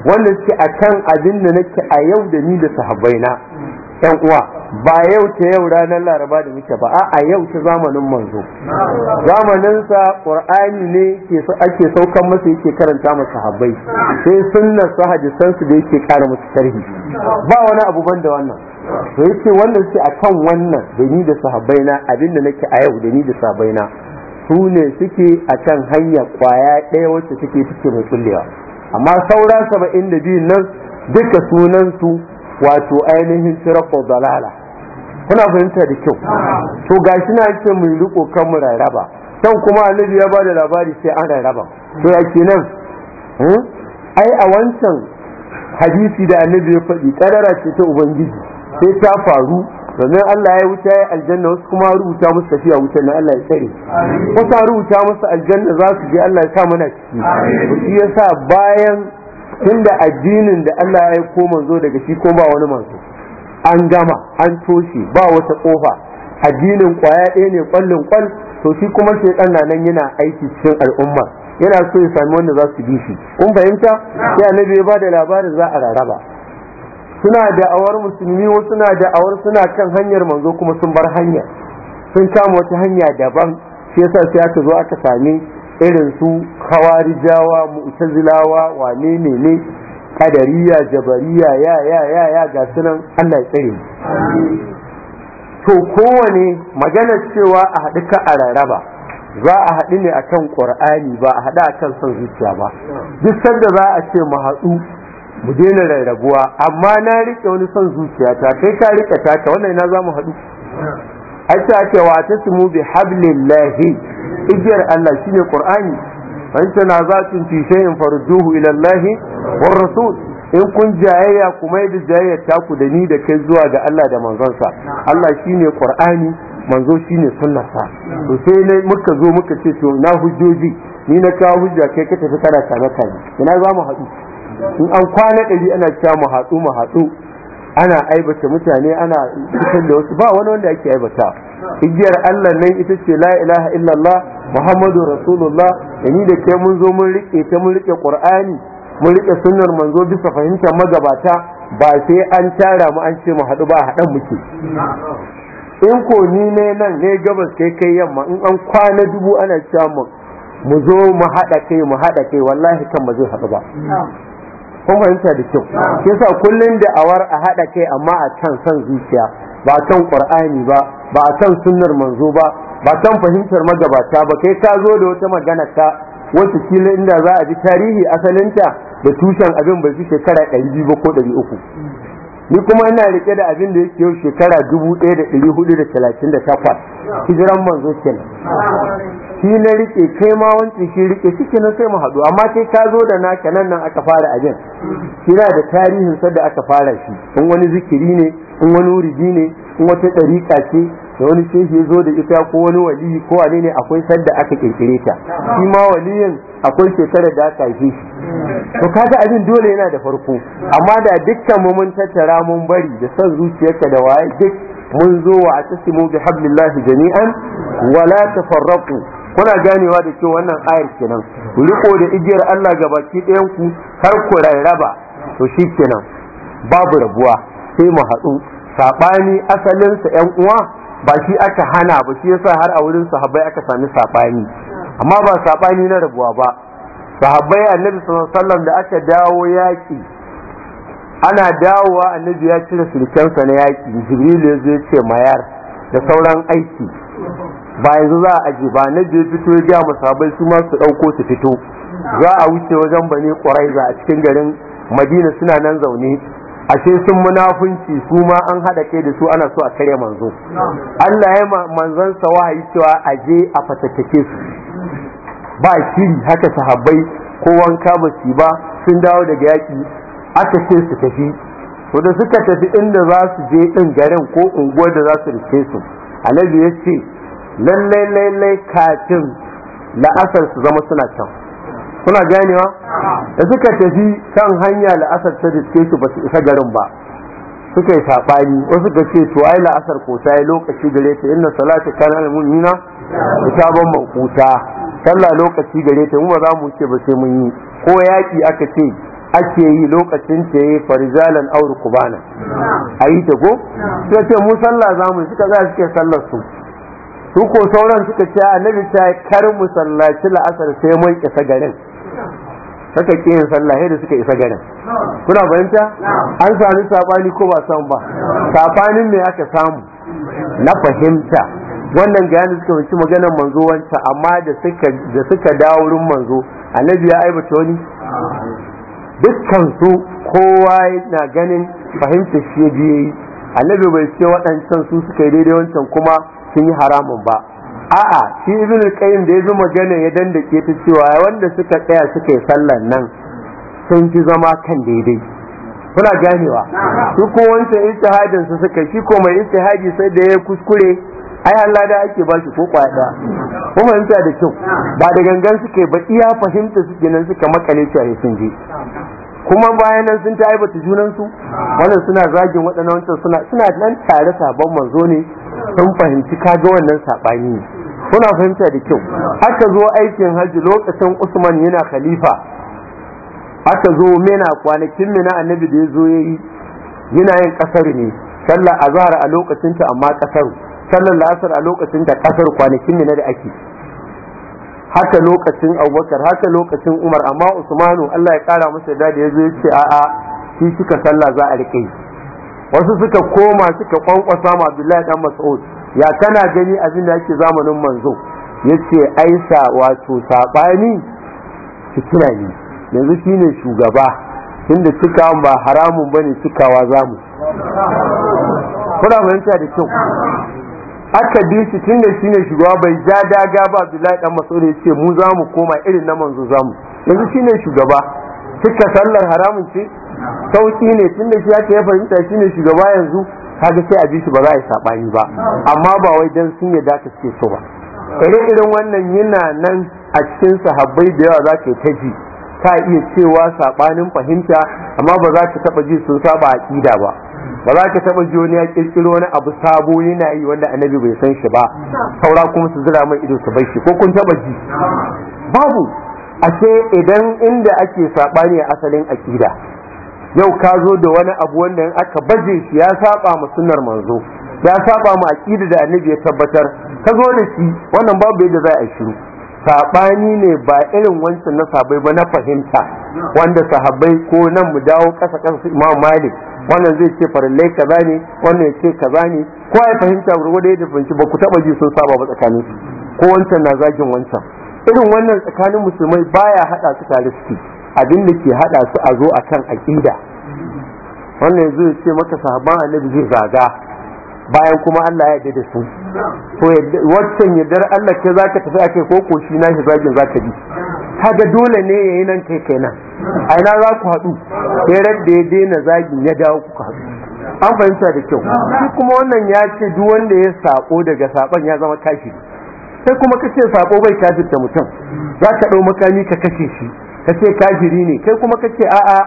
wanda suke a kan abin da nake a yau da ni da sahabbaina yan uwa ba yau ta yau ranar laraba da muke ba a yau ta zamanin manzo zamaninsa ƙur'ani ne ke ake saukan masa yake karanta masa habbai sai sunnar sa su da yake kara musu tarihi ba wani abu banda da wannan to yake wannan sai kan wannan da ni da sahabbai na abinda nake a yau da ni da sahabbai na su ne suke a kan hanya kwaya ɗaya wacce suke suke mai kullewa amma saura saba'in da biyun nan duka sunansu wato ainihin sirafo dalala kuna fahimta da kyau to gashi na yake mu riko kan mu raraba dan kuma annabi ya bada labari sai an raraba to ya kenan hmm? ai a wancan hadisi da annabi ya faɗi kadara ce ta ubangiji sai ta faru domin Allah ya wuta ya aljanna wasu kuma rubuta musu tafiya wutar na Allah ya tsare wasu rubuta musu aljanna za su je Allah ya sa mana ciki shi yasa bayan tunda addinin da Allah ya aiko manzo daga shi ko ba wani manzo an gama an toshe ba wata kofa addinin kwaya ɗaya ne kwallin kwal to shi kuma shekan na nan yana aiki cikin al'umma yana so ya sami wanda za su bi shi kun fahimta sai annabi ya bada labarin za a raraba suna da awar musulmi wasu na awar suna kan hanyar manzo kuma sun bar hanya sun kama wata hanya daban shi yasa sai aka zo aka sami irin su khawarijawa mu'tazilawa wane ne ne kadariya jabariya ya ya ya ya ga sunan Allah tsare tsare to kowane maganar cewa a haɗu ka a raraba za a haɗu ne akan ƙur'ani ba a haɗu akan son zuciya ba duk sanda za a ce mu haɗu mu daina rarrabuwa amma na riƙe wani son zuciya ta kai ka riƙe ta ta wannan ina za mu haɗu ake ake wa ta bi hablillahi igiyar Allah shine Qur'ani fa in tana zatin fi in farjuhu ila Allah war rasul in kun jayayya kuma yadda jayayya ta ku da ni da kai zuwa ga Allah da manzonsa Allah shine Qur'ani manzo shine sunnarsa to sai ne muka zo muka ce to na hujjoji ni na kawo hujja kai ka tafi kana kame kai ina za mu haɗu in an kwana ɗari ana cewa mu haɗu mu haɗu ana aibata mutane ana fitar da wasu ba wani wanda ake aibata igiyar Allah nan ita ce la ilaha illallah muhammadu rasulullah da ni da kai mun zo mun rike ta mun rike qur'ani mun rike sunnar manzo bisa fahimtar magabata ba sai an tara mu an ce mu haɗu ba haɗan muke in ko ni ne nan ne gabas kai kai yamma in an kwana dubu ana cewa mu zo mu haɗa kai mu haɗa kai wallahi kan ba zai haɗu ba kun fahimta da kyau sai sa kullun da awar a haɗa kai amma a can son zuciya ba a kan ƙwar'ani ba ba a kan sunnar manzo ba ba kan fahimtar magabata ba kai ka zo da wata magana ta wata kila inda za a ji tarihi asalinta da tushen abin bai fi shekara ɗari biyu ba ko ɗari uku? ni kuma ina riƙe da abin da yake yau shekara dubu ɗaya da da da hudu talatin ɗari takwas, hijiran manzo kenan shi na rike kai ma wancan shi rike shi na sai mu haɗu amma sai ka zo da naka nan nan aka fara abin na da tarihin sadda aka fara shi in wani zikiri ne in wani wuri ne in wata dariƙa ce da wani shehu ya zo da ita ko wani waliyi ko wani ne akwai sadda aka kirkire ta shi ma waliyin akwai shekarar da aka haife shi to kaga abin dole yana da farko amma da dukkan mu mun tattara mun bari da son zuciyarka da waye duk mun zo wa atasimu bi hablillahi jami'an wala tafarraqu kuna ganewa da cewa wannan ayar kenan riko da igiyar Allah ga baki ɗayan ku har ku rarraba to shi kenan babu rabuwa sai mu haɗu saɓani asalinsa ‘yan uwa ba shi aka hana ba shi yasa har a wurin sahabbai aka sami saɓani amma ba saɓani na rabuwa ba sahabbai annabi sallallahu alaihi da aka dawo yaƙi ana dawowa annabi ya cire sulkensa na yaƙi jibril ya zo ce mayar da sauran aiki ba yanzu za a aji ba na biyu fito ya gaya musabai su masu ɗauko su fito za a wuce wajen bane za a cikin garin madina suna nan zaune ashe sun munafunci su ma an haɗa kai da su ana so a karya manzo Allah ya manzansa wahayi cewa a je a fatattake su ba shiri haka sahabbai ko wanka ba su ba sun dawo daga yaƙi aka ce su tafi to suka tafi inda za su je ɗin garin ko unguwar da za su rike su annabi ya ce lallai lallai kafin la'asar su zama suna can kuna ganewa da suka tafi kan hanya la'asar ta diske su ba su isa garin ba suka yi saɓani wasu ka ce to ai la'asar ko ta yi lokaci gare ta inna salatu kana al-mu'mina sabon sallah lokaci gare ta mu ba za mu ce ba sai mun yi ko yaki aka ce ake yi lokacin ta yi farijalan aur kubana a yi ta ko sai ce mu sallah za mu suka za suke sallar su su ko sauran suka ce annabi ta kar mu sallaci la'asar sai mun isa garin suka ki yin sallah da suka isa garin kuna bayanta an sami sabani ko ba san ba sabanin me aka samu na fahimta wannan gani suka wuce maganar manzo wancan, amma da suka da suka dawo wurin manzo annabi ya aibata wani dukkan su kowa na ganin fahimta shi biye annabi bai ce waɗancan su suka yi daidai wancan kuma sun yi haramun ba a'a shi ibn qayyim da ya zama magana ya danda ke ta cewa wanda suka tsaya suka yi sallan nan sun ji zama kan daidai kuna ganewa su ko wancan ijtihadin su suka shi ko mai ijtihadi sai da ya kuskure ai Allah da ake ba shi ko kwaya da ko da kyau ba da gangan suke ba iya fahimta suke nan suka makale cewa sun je kuma bayanan nan sun ta aibata junan su wannan suna zagin waɗannan wancan suna nan tare sabon manzo ne sun fahimci kaga wannan saɓani kuna fahimta da kyau aka zo aikin hajji lokacin usman yana khalifa aka zo mena kwanakin mina annabi da ya zo ya yi yana yin kasar ne sallar azhar a lokacinta amma kasar sallar la'asar a lokacinta kasar kwanakin mina da ake haka lokacin abubakar haka lokacin umar amma usmanu allah ya kara masa da ya zo ya ce a'a shi ka sallah za a riƙe wasu suka koma suka kwankwasa ma Abdullahi dan Mas'ud ya kana gani abin da yake zamanin manzo yace Aisha wato sabani fitina ne yanzu shine shugaba tunda cikawa ba haramun bane cikawa zamu kuna mun da kyau aka bi shi tun shine shugaba bai ja daga ba Abdullahi dan Mas'ud ya ce mu zamu koma irin na manzo zamu. yanzu shine shugaba Suka sallar haramun ce sauki ne tun da shi ya ya fahimta shi ne shugaba yanzu kaga sai a ji shi ba za a yi saɓani ba amma ba wai dan sun yadda ta suke so ba kare irin wannan yana nan a cikin sahabbai da yawa za ka yi ta ji ka iya cewa saɓanin fahimta amma ba za ka taɓa ji sun saba aƙida ba ba za ka taɓa ji wani ya ƙirƙiro wani abu sabo yana yi wanda annabi bai san shi ba saura kuma su zira mai ido su bai shi ko kun taɓa ji babu a ce idan inda ake saɓani a asalin aƙida yau ka zo da wani abu wanda in aka baje shi ya saba mu sunnar manzo ya saba mu aqida da annabi ya tabbatar ka zo da shi wannan babu yadda za a shiru sabani ne ba irin wancan na sabai ba na fahimta wanda sahabbai ko nan mu dawo kasa kasa su Imam Malik wannan zai ce farallai kaza ne wannan ya ce kaza ne ko ai fahimta gurgurda yadda fahimci ba ku taba ji sun saba ba tsakanin ko wancan na zagin wancan irin wannan tsakanin musulmai baya hada su tare su abin da ke hada su a zo a kan aqida wannan yanzu ya ce maka sahabban annabi zai zaga bayan kuma Allah ya yarda da su to waccan yardar Allah ce zaka tafi ake ko ko shi na zagin zaka bi kaga dole ne yayi nan kai kenan a ina za ku haɗu sai da ya daina zagin ya dawo ku haɗu an fahimta da kyau shi kuma wannan ya ce duk wanda ya sako daga saban ya zama kafiri sai kuma kace sako bai kafirta mutum za ka ɗau makami ka kashe shi kace kafiri ne kai kuma kace a'a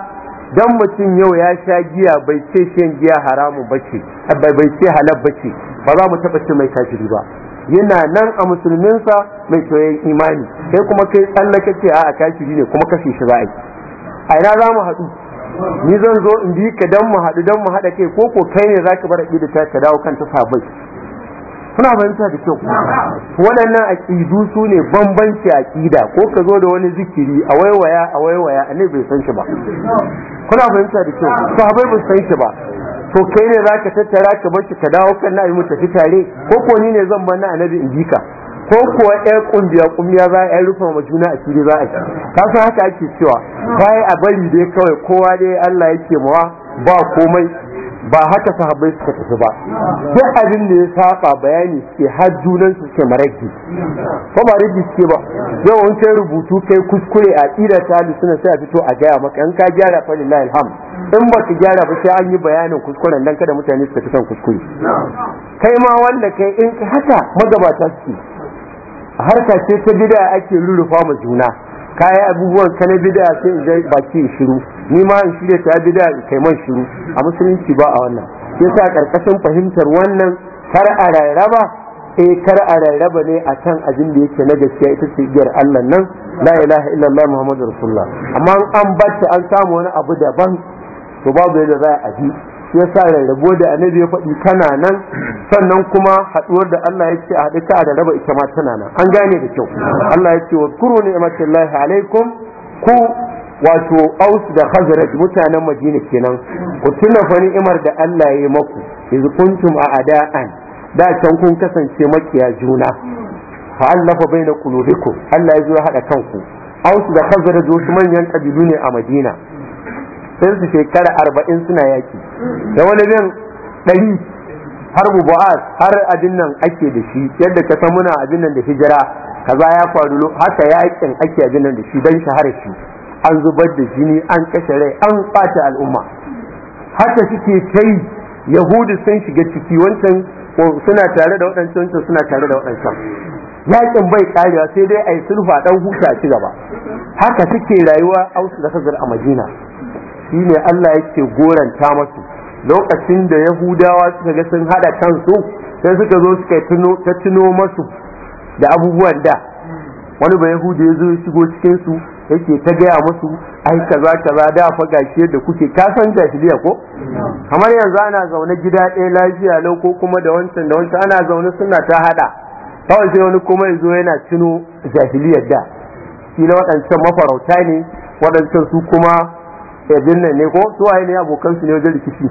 dan mutum yau ya sha giya bai ce shan giya haramun bace bai ce halal bace ba za mu taba ce mai kafiri ba yana nan a musulminsa mai soyayyen imani kai kuma kai tsallaka ce a'a kafiri ne kuma kashe shi za a yi a ina za mu haɗu ni zan zo in bi ka dan mu haɗu dan mu haɗa kai ko ko kai ne zaka bar aƙida ta ka dawo kan ta sabai kuna fahimta da kyau waɗannan aƙidu su ne bambanci aƙida ko ka zo da wani zikiri a waiwaya a waiwaya a bai san shi ba kuna fahimta da kyau sahabai bai san shi ba to kai ne za ka tattara ka bar shi ka dawo kan na mu tafi tare ko ko ni ne zan bar na annabi in ji ka ko kuwa ɗaya ƙungiya ƙungiya za a rufa ma juna a fili za a yi? ka san haka ake cewa bai a bari dai kawai kowa dai Allah yake mawa ba komai ba haka sahabbai suka tafi ba duk abin da ya saba bayani suke har junan su suke maraki Ko ba rigi suke ba yau wancan rubutu kai kuskure a ƙira ta suna sai a fito a gaya maka in ka gyara fa lillahi alham in ba ka gyara ba sai an yi bayanin kuskuren dan kada mutane suka tafi son kuskure kai ma wanda kai in haka magabata suke harka ce ta gida ake rurrufa ma juna kaya abubuwan ka na bida sai in ga baki in shiru ni ma in shirya ta bida in kai man shiru a musulunci ba a wannan sa karkashin fahimtar wannan kar a rarraba eh kar a rarraba ne a kan abin da yake na gaskiya ita ce igiyar Allah nan la ilaha illallah muhammadur rasulullah amma an bace an samu wani abu daban to babu yadda za a ji shi sa rarrabo da annabi ya faɗi tana nan sannan kuma haɗuwar da Allah ya ce a haɗu ta da raba ita ma tana nan an gane da kyau Allah ya ce wa kuru imatullahi alaikum ku wato aus da khazraj mutanen madina kenan ku tuna fa ni'imar da Allah ya yi maku iz kuntum a'da'an da can kun kasance makiya juna fa allafa baina qulubikum Allah ya zo haɗa kanku aus da khazraj wasu manyan kabilu ne a madina sai su shekara arba'in suna yaki da wani bin ɗari har bubu'as har abin nan ake da shi yadda ka san muna abin nan da hijira kaza ya faru haka yakin ake abin nan da shi don shahara shi an zubar da jini an kashe rai an ɓata al'umma haka suke kai yahudu sun shiga ciki wancan suna tare da waɗancan wancan suna tare da waɗancan yakin bai karewa sai dai a yi sulhu a ɗan huta ci gaba haka suke rayuwa ausu da a madina shine Allah yake goranta masu lokacin da yahudawa suka ga sun hada kansu sai suka zo suka tuno ta tuno masu da abubuwan da wani ba yahudi ya zo ya shigo cikin su yake ta gaya musu ai kaza kaza da fa gashi da kuke ka san jahiliya ko kamar yanzu ana zaune gida ɗaya lafiya lau ko kuma da wancan da wancan ana zaune suna ta haɗa. kawai sai wani kuma ya zo yana tuno jahiliyar da shi na waɗancan mafarauta ne waɗancan su kuma yabin nan ne ko su waye ne abokan su ne wajen rikici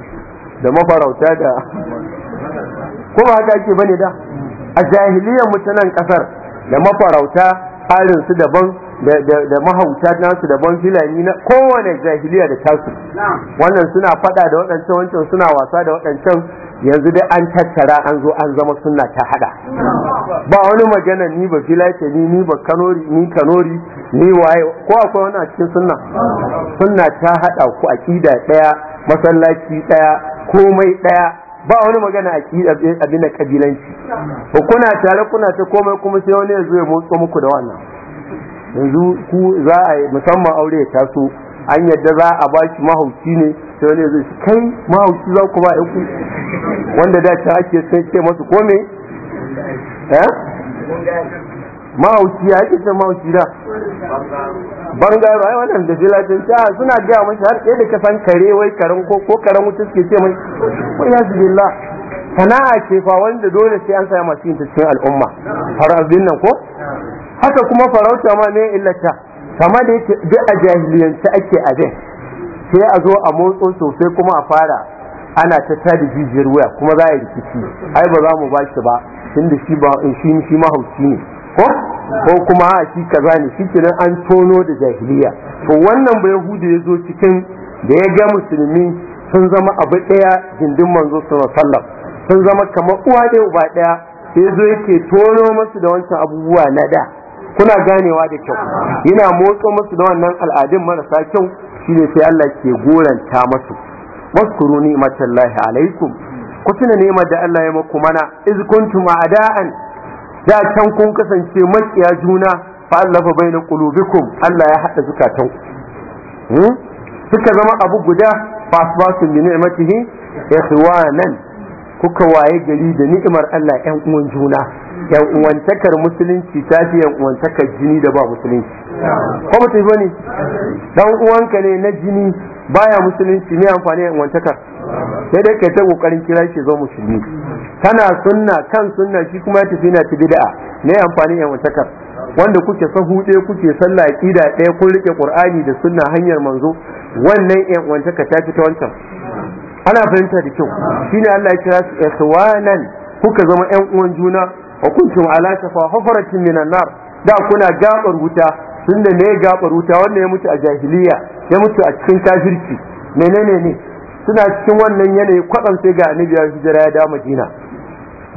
da mafarauta da ko ba haka ake bane da a jahiliyar mutanen kasar da mafarauta tsarin su daban da mahauta nasu da ban filani na kowane jahiliya da tasu wannan suna fada da waɗancan wancan suna wasa da waɗancan yanzu dai an tattara an zo an zama suna ta hada ba wani magana ni ba filace ni ni ba kanori ni kanori ni waye ko akwai wani a cikin sunna sunna ta hada ku akida daya masallaci daya komai daya ba wani magana a kida abin da kabilanci kuna tare kuna ta komai kuma sai wani ya zo ya motsa muku da wannan yanzu ku za a yi musamman aure ya taso an yadda za a ba shi mahauci ne sai wani zai kai mahauci za ku ba ku wanda da ta ake sai ce masu kome eh? mahauci ya ake ce mahauci da bangaro ai wannan da filatin ta suna gaya mashi har ɗaya da ka san kare wai karen ko ko karen wuta suke ce mai ko ya zubillah sana'a ce fa wanda dole sai an saya masu yin ta cikin al'umma har abin nan ko haka kuma farauta ma ne illata kama da yake duk a jahiliyance ake abin sai a zo a motso sosai kuma a fara ana ta tada jijiyar waya kuma za a rikici ai ba za mu ba shi ba tunda shi ba shi shi mahauci ne ko ko kuma a ah, shi kaza ne shi kenan an tono da jahiliya to wannan ba yahudu ya zo cikin da ya ga musulmi sun zama abu ɗaya gindin manzo sallallahu alaihi sun zama kamar uwa ɗaya uba ɗaya sai zo yake tono masu da wancan abubuwa na da kuna ganewa da kyau yana motsa musu da wannan al'adun marasa kyau shi ne sai Allah ke goranta masu waskuru matallahi alaikum ku tuna nema da Allah ya maku mana iz kuntum a'da'an da can kun kasance makiya juna fa allafa baina qulubikum Allah ya hada zukatan ku hmm? suka zama abu guda fa asbatu bi ni'matihi ikhwanan kuka waye gari da ni'imar Allah ƴan uwan juna yan uwantakar musulunci ta fi yan uwantakar jini da ba musulunci ko ba ta dan uwanka ne na jini baya musulunci ne amfani yan uwantakar sai dai kai ta kokarin kira shi zo musulmi Tana sunna kan sunna shi kuma ya tafi na ta bid'a ne amfani yan uwantakar wanda kuke sahu ɗaya kuke sallah aqida ɗaya kun rike qur'ani da sunna hanyar manzo wannan yan uwantakar ta fi ta wancan ana fahimta da kyau shine Allah ya kira su ikhwanan kuka zama yan uwan juna wa kuntum ala shafa minan nar da kuna gabar wuta tunda ne gabar wuta wanda ya mutu a jahiliya ya mutu a cikin kafirci menene ne suna cikin wannan yanayi kwatsam sai ga annabi ya hijira ya da madina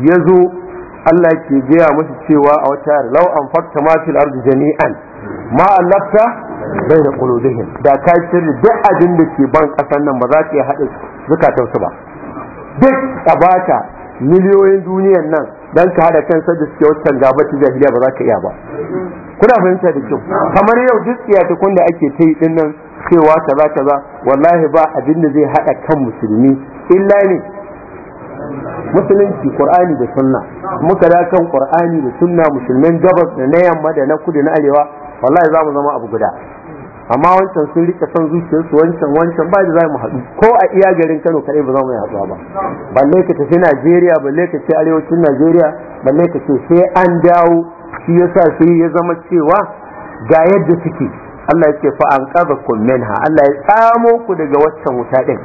ya zo Allah ke gaya musu cewa a wata yara lau an fakta ma fil ardi jami'an ma allafta bayna qulubihim da ka shirri duk abin da ke ban kasan nan ba za iya haɗa zukatansu ba duk tabata miliyoyin duniyan nan dan ka hada kansa da suke wancan gaba ta jahiliya ba za ka iya ba kuna fahimta da kyau kamar yau duk kun da ake ta yi dinnan cewa kaza za wallahi ba abin da zai haɗa kan musulmi illa ne musulunci qur'ani da sunna muka da kan qur'ani da sunna musulmin gabas da na yamma da na kudu na arewa wallahi za mu zama abu guda amma wancan sun rike son zuciyarsu wancan wancan ba da za mu haɗu ko a iya garin kano kaɗai ba za mu haɗuwa ba balle ka tafi najeriya balle ka ce arewacin najeriya balle ka ce sai an dawo shi yasa sai ya zama cewa ga yadda suke Allah ya ce fa an kaza menha. Allah ya tsamo ku daga waccan wuta ɗin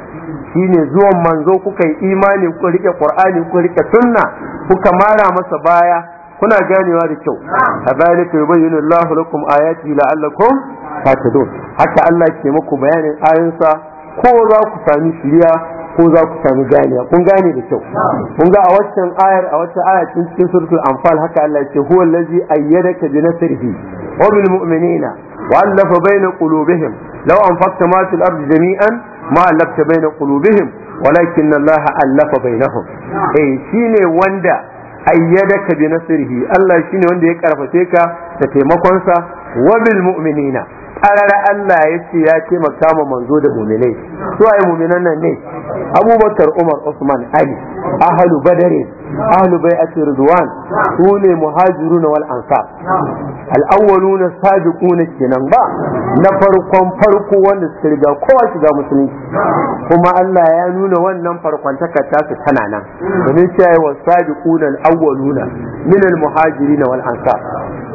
shine zuwan manzo kuka yi imani kuka rike Ƙur'ani, kuka rike sunna kuka mara masa baya kuna ganewa da kyau kadhalika yubayyinu Allahu lakum ayati la'allakum haka Allah ke muku bayanin ayansa ko za ku sami shiriya ko za ku sami ganiya kun gane da kyau kun ga a waccan ayar a waccan aya cikin suratul anfal haka Allah ke huwa allazi ayyadaka bi nasrihi wa bil mu'minina wa allafa baina qulubihim law anfaqta ma fil ardi jami'an ma allafta baina qulubihim walakin Allah allafa bainahum eh shine wanda ayyadaka bi nasrihi Allah shine wanda ya karfafe ka da taimakonsa wa bil mu'minina arara Allah ya ce ya taimaka mu manzo da mu'minai su ai mu'minan nan ne Abubakar Umar Usman Ali ahlu badr ahlu bai'at ridwan su ne muhajirun wal ansar al awwaluna sabiquna kenan ba na farkon farko wanda suka riga kowa shiga musulunci kuma Allah ya nuna wannan farkon takarda su tana nan domin cewa wasabiquna al awwaluna min al muhajirin wal ansar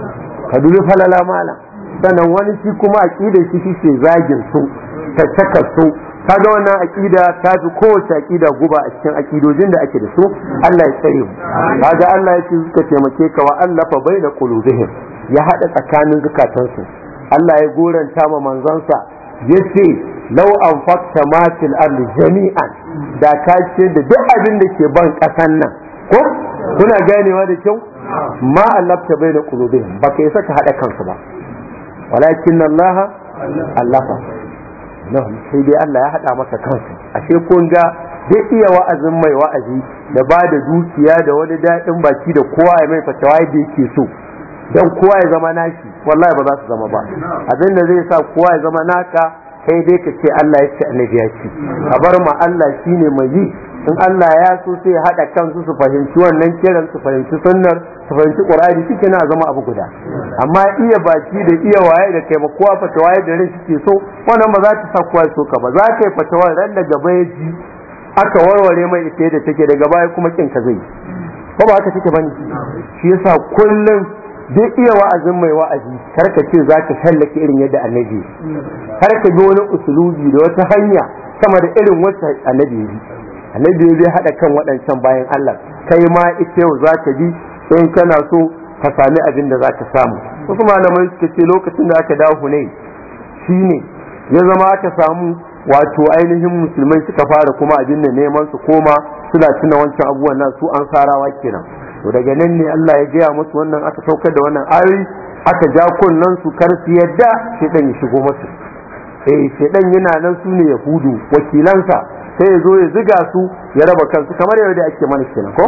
ka dubi falala malam sannan wani shi kuma aƙida shi shi ce zagin su ta caka su kaga wannan aƙida ta fi kowace aƙida guba a cikin aƙidojin da ake da su Allah ya tsare mu kaga Allah ya ce suka taimake ka wa Allah fa baina qulubihim ya hada tsakanin zukatansu Allah ya goranta ma manzansa yace law anfaqta ma fil ardi jami'an da ka ce da duk abin da ke ban kasan nan ko kuna ganewa da kyau ma allafta bai da ƙulubin ba ka isa ka haɗa kansu ba walakin Allah allafa sai dai Allah ya haɗa masa kansu ashe kun ga zai iya wa'azin mai wa'azi da ba da dukiya da wani daɗin baki da kowa ya mai fashewa da yake so don kowa ya zama nashi wallahi ba za su zama ba abin da zai sa kowa ya zama naka kai dai ka ce Allah ya ce annabi ya ce a bar ma Allah shine mai yi in Allah ya so sai haɗa kansu su fahimci wannan kiran su fahimci sunnar su fahimci ƙurari shi na zama abu guda amma iya baki da iya waye da kai kowa waye da rai ke so wannan ba za ta sa kowa so ka ba za ka yi fatawa ran da gaba ya ji aka warware mai ita da take daga baya kuma kin ka zai ba ba haka take bane shi yasa kullum duk iya wa'azin mai wa'azi kar ka ce za ka shallake irin yadda annabi kar ka bi wani usulubi da wata hanya sama da irin wata annabi annabi zai hada kan waɗancan bayan Allah kai ma ita yau za ka bi in kana so ka sami abin da za ka samu wasu malamai suka ce lokacin da aka dawo ne shine ya zama aka samu wato ainihin musulmai suka fara kuma abin da neman su koma suna tuna wancan abubuwan nan su an sarawa kenan to daga nan ne Allah ya gaya musu wannan aka saukar da wannan ayoyi aka ja kunnan su kar su yadda shedan ya shigo musu eh shedan yana nan su ne yahudu wakilansa sai ya zo ya ziga su ya raba kansu kamar yadda ake mana kenan ko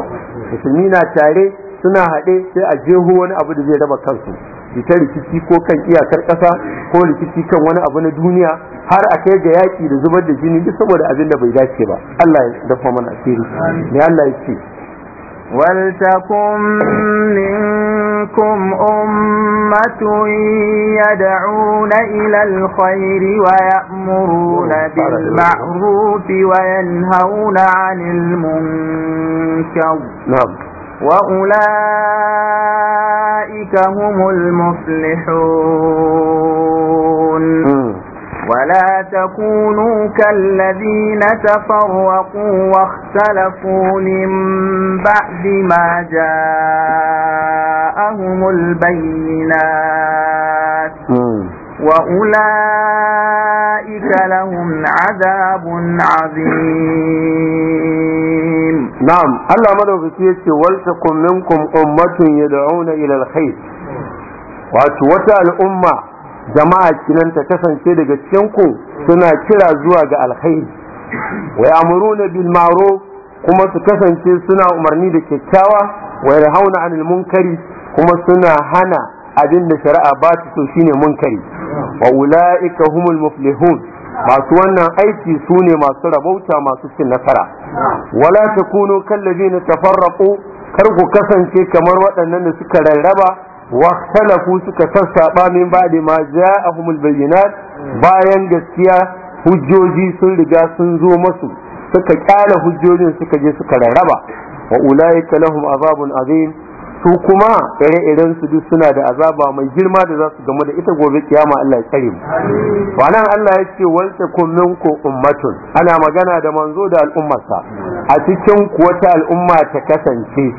musulmi na tare suna haɗe sai a jeho wani abu da zai raba kansu ita rikici ko kan iyakar ƙasa ko rikici kan wani abu na duniya har a kai ga yaƙi da zubar da jini duk saboda abin da bai dace ba Allah ya dafa mana asiri ne Allah ya ce ولتكن منكم أمة يدعون إلى الخير ويأمرون بالمعروف وينهون عن المنكر نعم وأولئك هم المفلحون ولا تكونوا كالذين تفرقوا واختلفوا من بعد ما جاءهم البينات وأولئك لهم عذاب عظيم نعم الله مدعو كتير ولتكن منكم أمة يدعون إلى الخير وأتوتى الأمة jama'a kinan ta kasance daga cikin suna kira zuwa ga alkhairi wa ya'muruna bil ma'ruf kuma su kasance suna umarni da kyakkyawa wa yarhauna 'anil munkari kuma suna hana abin da shari'a ba ta so shine munkari wa ula'ika humul muflihun masu wannan aiki sune masu rabauta masu cin nasara wala takunu kallazina tafarraqu kar ku kasance kamar waɗannan da suka rarraba واختلفوا suka sassaɓa min ba'di ma ja'ahumul bayyinat bayan gaskiya hujjoji sun riga sun zo masu suka ƙyara hujjojin suka je suka rarraba wa ulaika azabun azim su kuma ire-iren su duk suna da azaba mai girma da za su gamu da ita gobe kiyama Allah ya tsare wannan Allah ya ce wal takum minkum ummatun ana magana da manzo da al'ummarsa a cikin kuwata al'umma ta kasance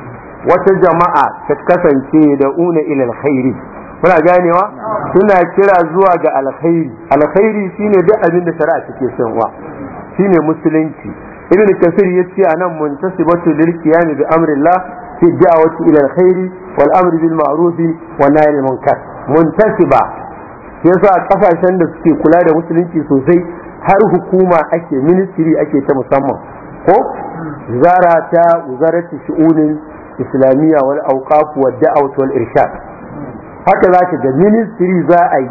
wata jama'a ta kasance da una ila alkhairi kuna ganewa suna kira zuwa ga alkhairi alkhairi shine duk abin da shari'a take sanwa shine musulunci ibn kasir yace anan muntasibatu lil qiyam bi amrillah fi da'wati ila alkhairi wal amr bil ma'ruf wa nahy al munkar muntasiba yasa kasashen da suke kula da musulunci sosai har hukuma ake ministry ake ta musamman ko zara ta wuzarati shu'unin islamiyya wal awqaf wa da'awat wal irshad haka za ka ga ministry za a yi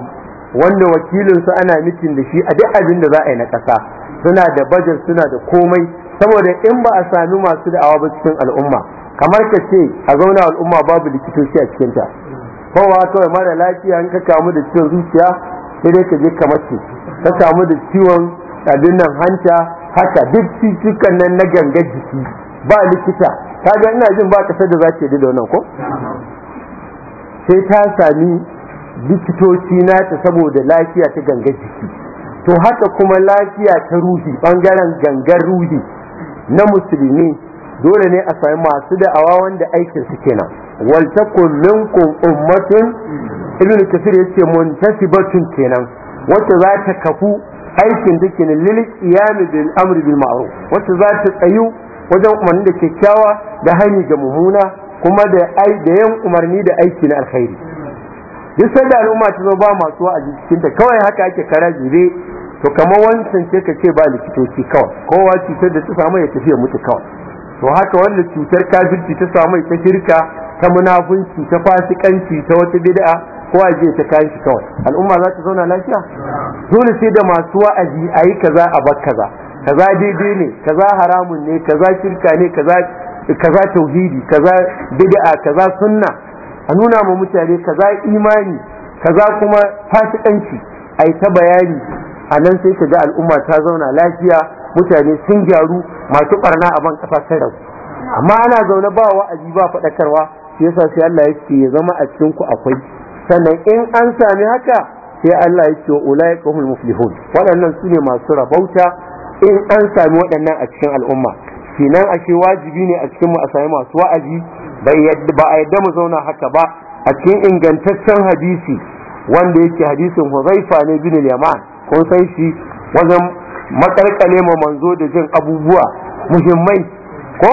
wanda wakilin su ana mitin da shi a duk abin da za a yi na kasa suna da budget suna da komai saboda in ba a sami masu da'awa ba cikin al'umma kamar ka ce a zauna al'umma babu likitoci a cikinta kowa kawai mara lafiya in ka kamu da ciwon zuciya sai dai ka je ka mace ka kamu da ciwon abin nan hanta haka duk cikin nan na ganga jiki ba likita kaga ina jin ba kasar da za ta da wannan ko sai ta sami likitoci nata saboda lafiya ta gangar jiki to haka kuma lafiya ta ruhi bangaren gangar ruhi na musulmi dole ne a sami masu da'awa wanda aikin su kenan Walta takun ummatun ibn kasir yace muntasibatun kenan wacce za ta kafu aikin take lil qiyam bil amri bil ma'ruf wacce za ta tsayu wajen umarni da kyakkyawa da hani ga mummuna kuma da ai da yan umarni da aiki na alkhairi duk sai da al'umma ta zo ba masu wa'azi cikin ta kawai haka ake kara jibe to kamar wancan ce ka ce ba likitoci kawai kowa cutar da ta samu ya tafi ya mutu kawai to haka wanda cutar kafirci ta samu ta shirka ta munafunci ta fasikanci ta wata bid'a kowa je ta kayan shi kawai al'umma za ta zauna lafiya dole sai da masu wa'azi ayi kaza a bar kaza kaza daidai ne kaza haramun ne kaza shirka ne kaza kaza tauhidi kaza bid'a kaza sunna a nuna ma mutane kaza imani kaza kuma fasikanci ai ta bayani a nan sai ka ga al'umma ta zauna lafiya mutane sun gyaru masu barna a ban kafa tara amma ana zaune ba wa'azi ba faɗakarwa shi yasa sai Allah ya ce ya zama a cikin ku akwai sannan in an sami haka sai Allah ya ce wa ulaika muflihun waɗannan su ne masu rabauta in an sami waɗannan a cikin al'umma a ashe wajibi ne a cikin mu a sami masu wa'azi ba a yadda mu zauna haka ba a cikin ingantaccen hadisi wanda yake hadisin huzaifa ne bin yaman kun san shi wajen makarkale ma manzo da jin abubuwa muhimmai ko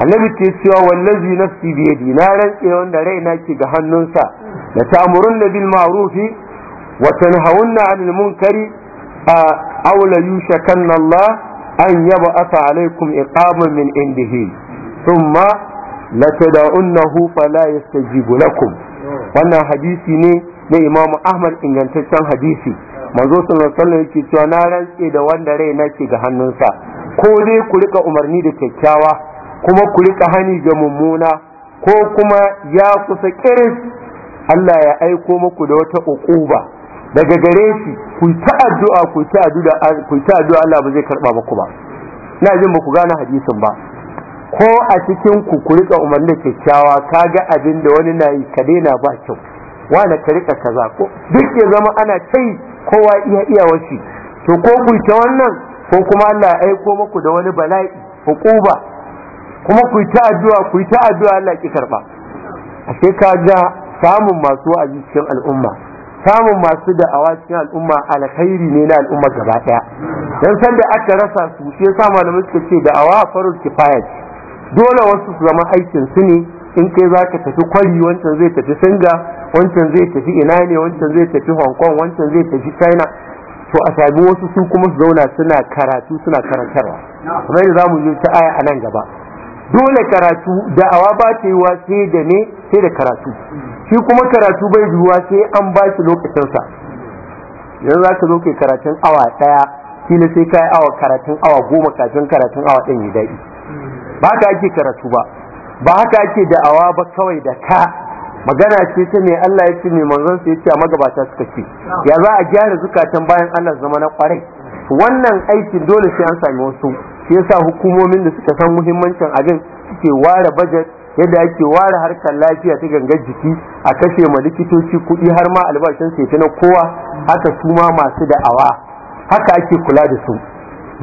annabi ke cewa wallazi nafsi bi yadi na rantse wanda raina ke ga hannunsa la ta'murunna bil ma'rufi wa tanhawunna 'anil munkari aula yushakanna Allah an yaba asa alaikum iqaman min indihi thumma tad'unahu fala yastajibu lakum wannan hadisi ne na Imam Ahmad ingantaccen hadisi manzo sallallahu alaihi yake cewa na rantse da wanda rai nake ga hannunsa ko dai ku rika umarni da kyakkyawa kuma ku rika hani ga mummuna ko kuma ya kusa kiris Allah ya aiko muku da wata uquba daga gare shi ku ta addu'a ku ta addu'a ku ta addu'a Allah ba zai karba muku ba ina jin ba ku gane hadisin ba ko a cikin ku ku rika umarni kyakkyawa kaga abin da wani na yi ka daina ba kyau wani ka rika kaza ko duk ya zama ana kai kowa iya iya wasi to ko ku ta wannan ko kuma Allah ya aiko muku da wani bala'i hukuba kuma ku ta addu'a ku ta addu'a Allah ki karba ashe kaga samun masu wa'azi cikin al'umma samun masu da'awa cikin al'umma alkhairi ne na al'umma gaba daya dan san da aka rasa su shi yasa malamai suka ce da awa farul kifaya dole wasu su zama aikin su ne in kai zaka tafi kwari wancan zai tafi singa wancan zai tafi ina ne wancan zai tafi hong kong wancan zai tafi china to a sami wasu su kuma su zauna suna karatu suna karantarwa kamar za zamu je ta aya a nan gaba dole karatu da'awa ba ta yi wa sai da ne sai da karatu shi kuma karatu bai yiwuwa sai an ba shi lokacinsa yanzu za ka zo karatun awa ɗaya ne sai kai awa karatun awa goma kafin karatun awa ɗin ya daɗi ba haka ake karatu ba ba haka ake da awa ba kawai da ka magana ce ta mai Allah ya ce mai manzon sai ya ce a magabata suka ce ya za a gyara zukatan bayan Allah zama na kwarai wannan aikin dole sai an sami wasu shi yasa hukumomin da suka san muhimmancin abin suke ware budget yadda ake ware harkar lafiya ta gangar jiki a kashe ma likitoci kuɗi har ma albashin sai na kowa haka su ma masu da'awa haka ake kula da su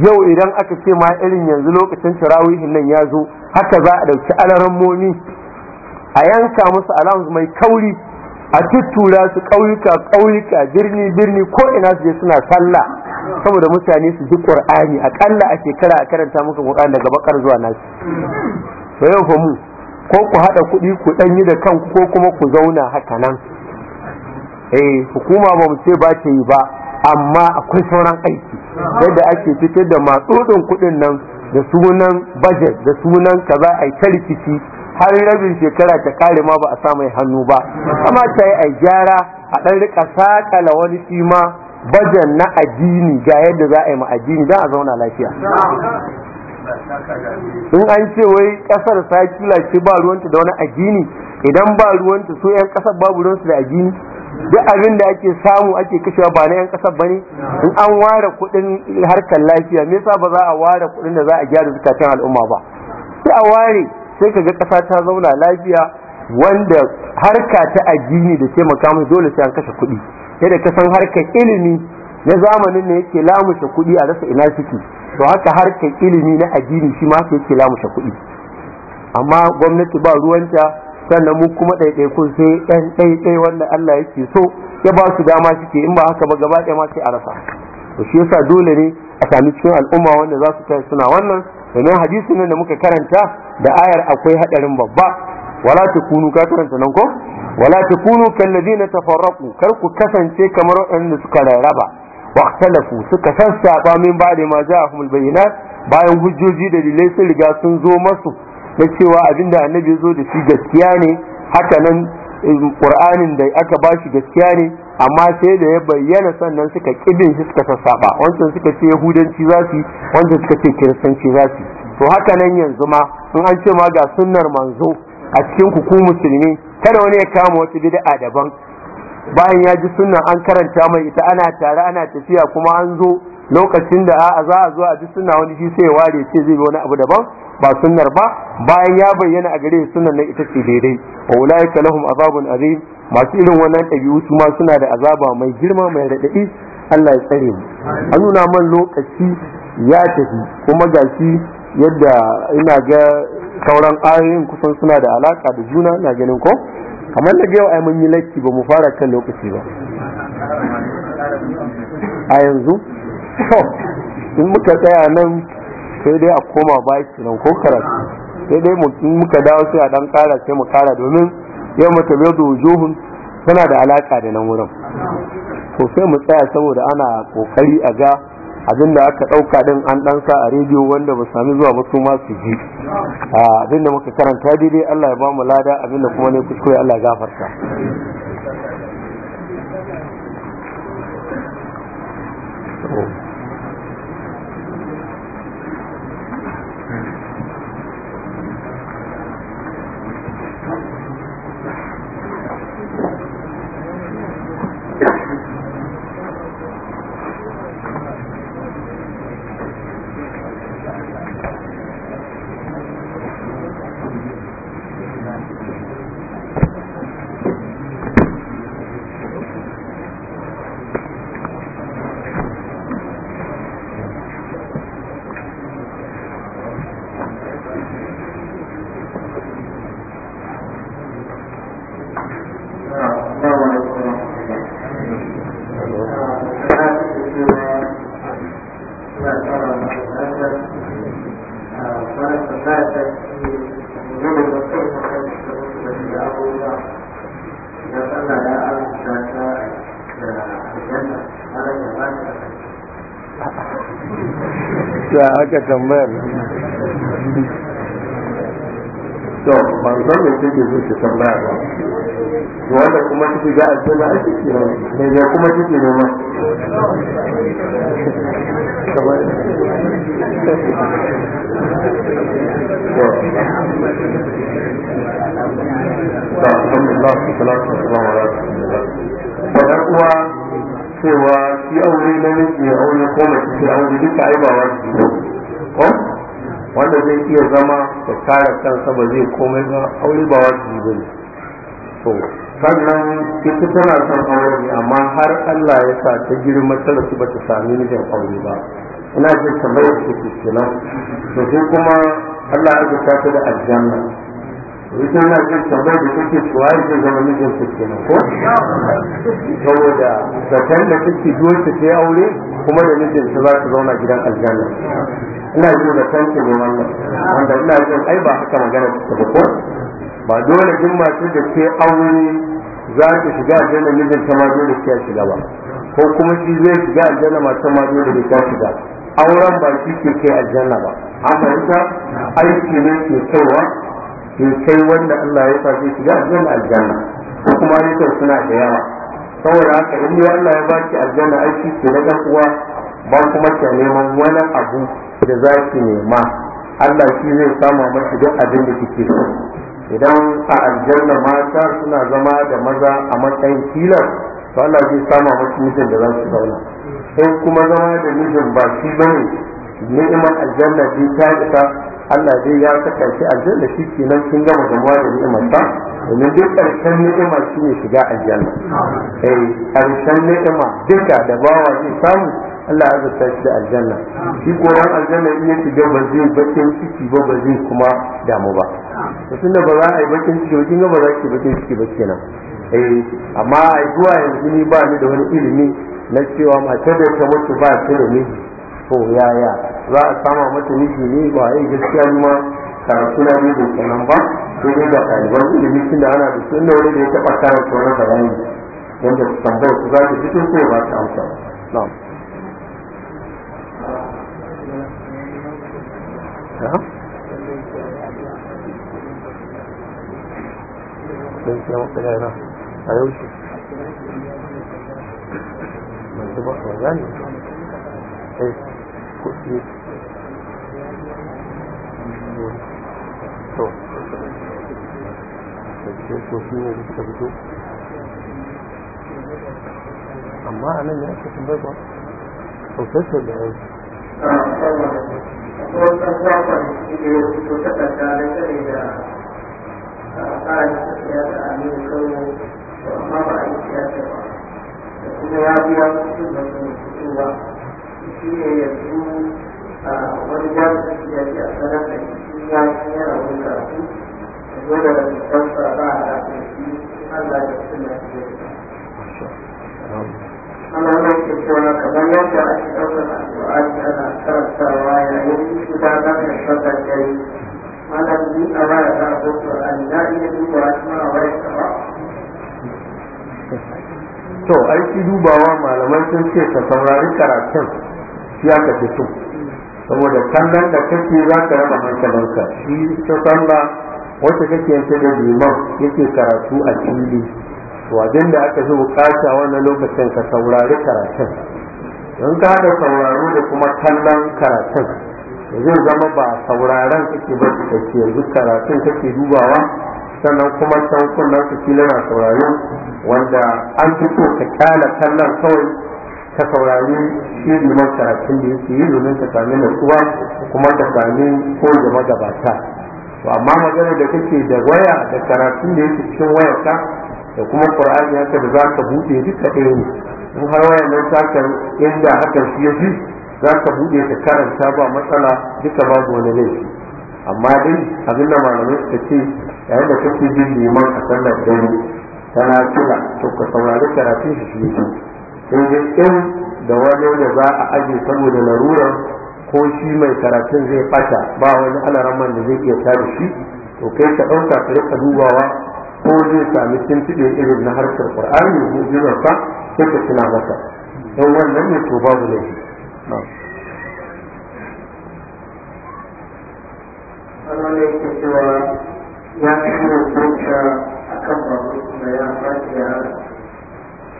yau idan aka ce ma irin yanzu lokacin tarawihin nan ya zo haka za a ɗauki moni a yanka musu alamus mai kauri a tuttura su ƙauyuka ƙauyuka birni birni ko ina su je suna sallah saboda mutane su ji qur'ani akalla a shekara a karanta muku qur'ani daga bakar zuwa nasi to yau fa mu ko ku haɗa kuɗi ku yi da kanku ko kuma ku zauna haka nan eh hukuma ba mu ce ba ta yi ba amma akwai sauran aiki yadda ake fitar da matsudin kuɗin nan da sunan budget da sunan kaza ai ta rikici har rabin shekara ta kare ma ba a sa hannu ba amma ta yi ai gyara a ɗan rika saƙala wani kima ma na addini ga yadda za a yi ma addini don a zauna lafiya in an ce wai kasar kila ce ba ruwanta da wani agini idan ba ruwanta so yan kasar babu ruwansu da agini duk abin da ake samu ake kashewa ba na yan kasar bane in an ware kuɗin harkar lafiya me yasa ba za a ware kuɗin da za a gyara zukatan al'umma ba sai a ware sai ka ga ƙasa ta zauna lafiya wanda harka ta addini da taimaka musu dole sai an kashe kuɗi Sai ka san harkar ilimi na zamanin ne yake lamushe kuɗi a rasa ina ciki to haka harkar ilimi na addini shi ma yake lamushe kuɗi amma gwamnati ba ruwanta sannan mu kuma ɗaiɗaikun sai ɗan ɗaiɗai wanda Allah yake so ya ba su dama suke in ba haka ba gaba ɗaya ma sai a rasa to shi yasa dole ne a sami cikin al'umma wanda za su kai suna wannan domin hadisin nan da muka karanta da ayar akwai haɗarin babba wala ta kunu, ka karanta nan ko wala ta kunu kallazina tafarraqu kar ku kasance kamar waɗanda suka raraba واختلفوا suka sassaba min ba'da ma ja'ahumul bayyana bayan hujjoji da dalilai sun riga sun zo masu na cewa abinda annabi zo da shi gaskiya ne haka nan eh, qur'anin da aka ba shi gaskiya ne amma sai da ya bayyana sannan suka kidin shi suka sassaba wancan suka ce yahudanci za su wancan suka ce kiristanci za su to haka nan yanzu ma in an ce ma ga sunnar manzo a cikin ku musulmi kada wani ya kama wata bid'a daban bayan ya ji sunan an karanta mai ita ana tare ana tafiya kuma an zo lokacin da a za a zo a ji sunna wani shi sai ya ware ce zai bi wani abu daban ba sunnar ba bayan ya bayyana a gare sunan na ita ce daidai wa ulaika lahum azabun azim masu irin wannan ɗabi'u su ma suna da azaba mai girma mai raɗaɗi Allah ya tsare mu an nuna man lokaci ya tafi kuma gashi yadda ina ga sauran ayoyin kusan suna da alaka da juna na ganin ko kamar da yau ai mun yi latti ba mu fara kan lokaci ba a yanzu in muka tsaya nan sai dai a koma baki nan ko karatu sai dai in muka dawo sai a dan kara sai mu kara domin yau mata bai da wujuhun tana da alaka da nan wurin to sai mu tsaya saboda ana kokari a ga abin da aka ɗauka din an ɗan sa a rediyo wanda ba sami zuwa ba su ma su ji abin da muka karanta daidai Allah ya ba mu lada abin da kuma ne kuskure Allah ya gafarta Oh. aka tambayar to ban san me take so ta tambaya ba wanda kuma take ga aljanna ake kira ne ne kuma take nema alhamdulillah kuwa cewa shi aure na miji aure ko mace ce aure duka aibawa su wanda zai iya zama da kare kansa ba zai komai ba aure ba wajibi ba ne to sannan ita tana son aure ne amma har Allah ya sa ta girma ta rasu ba ta sami mijin aure ba ina jin kamar da take kenan to sai kuma Allah ya ta da aljanna ita na jin kamar da take kuwa da zama mijin su ke ko saboda zaton da take doce ta aure kuma da mijin su za su zauna gidan aljanna ina jin da kanke ne wannan wanda ina jin ai ba haka magana ta ba ko ba dole jin masu da ke aure za ta shiga aljanna mijin ta ma dole ta shiga ba ko kuma shi zai shiga aljanna matan ma dole ta shiga auren ba shi ke kai aljanna ba an fahimta aiki ne ke kaiwa in kai wanda Allah ya sa zai shiga aljanna aljanna ko kuma ayyukan suna da yawa saboda haka in ya Allah ya baki aljanna aiki ke na dan uwa ba kuma ke neman wani abu da za ki nema Allah shi zai sama maki duk abin da kike so idan a aljanna mata suna zama da maza a matsayin filar, to Allah zai samu maki mijin da za su zauna sai kuma zama da mijin ba shi bane ni'imar aljanna ce ta isa Allah zai ya saka shi aljanna shi kenan kin gama gamuwa da ni'imar sa domin duk karshen ni'ima shi ne shiga aljanna eh karshen ni'ima duka da bawa zai samu Allah ya saka shi da aljanna shi koran aljanna in ya shiga ba zai bakin ciki ba ba zai kuma damu ba mutum da ba za a yi bakin ciki ba kin ga za ki bakin ciki ba kenan eh amma a zuwa yanzu ni ba ni da wani ilimi na cewa matar da ta mutu ba ta da miji to yaya za a sama mata miji ne ba yi gaskiya ma karatu na biyu da nan ba sai dai da ɗaliban ilimi da ana da sunna wani da ya taɓa karanta wani bayani wanda tambayar su za ta fito ko ba ta amsa na'am a kuɗi to ko shi ne suka fito amma a nan ya ce sun bai ba sosai da yanzu akwai kan da ya ta ƙasa da da tsarin siyasa a ba a yi siyasa ba da kuma ya biya kuɗin da sun ba shi ne yanzu wani jami'in ya ce a sanar da shi ya shi yana wani karatu a dole da mutum ba a rafin shi Allah ya fi na shi Allah ya ce cewa kamar yadda ake ɗaukar al'adu ana karantawa yayin gudanar da sallar dare malam ni a waya ta hoto an na iya duba kuma a waya ta to aiki dubawa malamai sun ce ka saurari karatun ya ka fi so saboda kallon da kake za ka raba hankalinka shi ta sallah wacce kake yanke da liman yake karatu a fili to da aka zo kasha wannan lokacin ka saurari karatun don ka da sauraro da kuma kallon karatun zai zama ba sauraron kake ba kake yanzu karatun kake dubawa sannan kuma can kunnen su kila na wanda an fito ka kyala kallon kawai ka saurari shi karatun da yake yi domin ta sami natsuwa kuma ta sami ko da magabata to amma magana da kake da waya da karatun da yake cikin wayarka da kuma qur'ani haka da za ka buɗe duka ɗaya ne in har waya nan ta inda hakan shi ya ji za ka buɗe ka karanta ba matsala duka babu wani laifi amma dai abin da malamai suka ce yayin da kake bin neman a sallar dare tana kira to ka saurari karatun shi shi in da wani da za a aje saboda larurar ko shi mai karatun zai fata ba wani alaraman da zai iya tare shi to kai ka ɗauka ka rika dubawa ko zai sami tuntuɓe irin na harkar ƙur'ani ko sa sai ka tuna masa don wannan ne to babu laifi ne ke cewa ya fi yin a kan babu da ya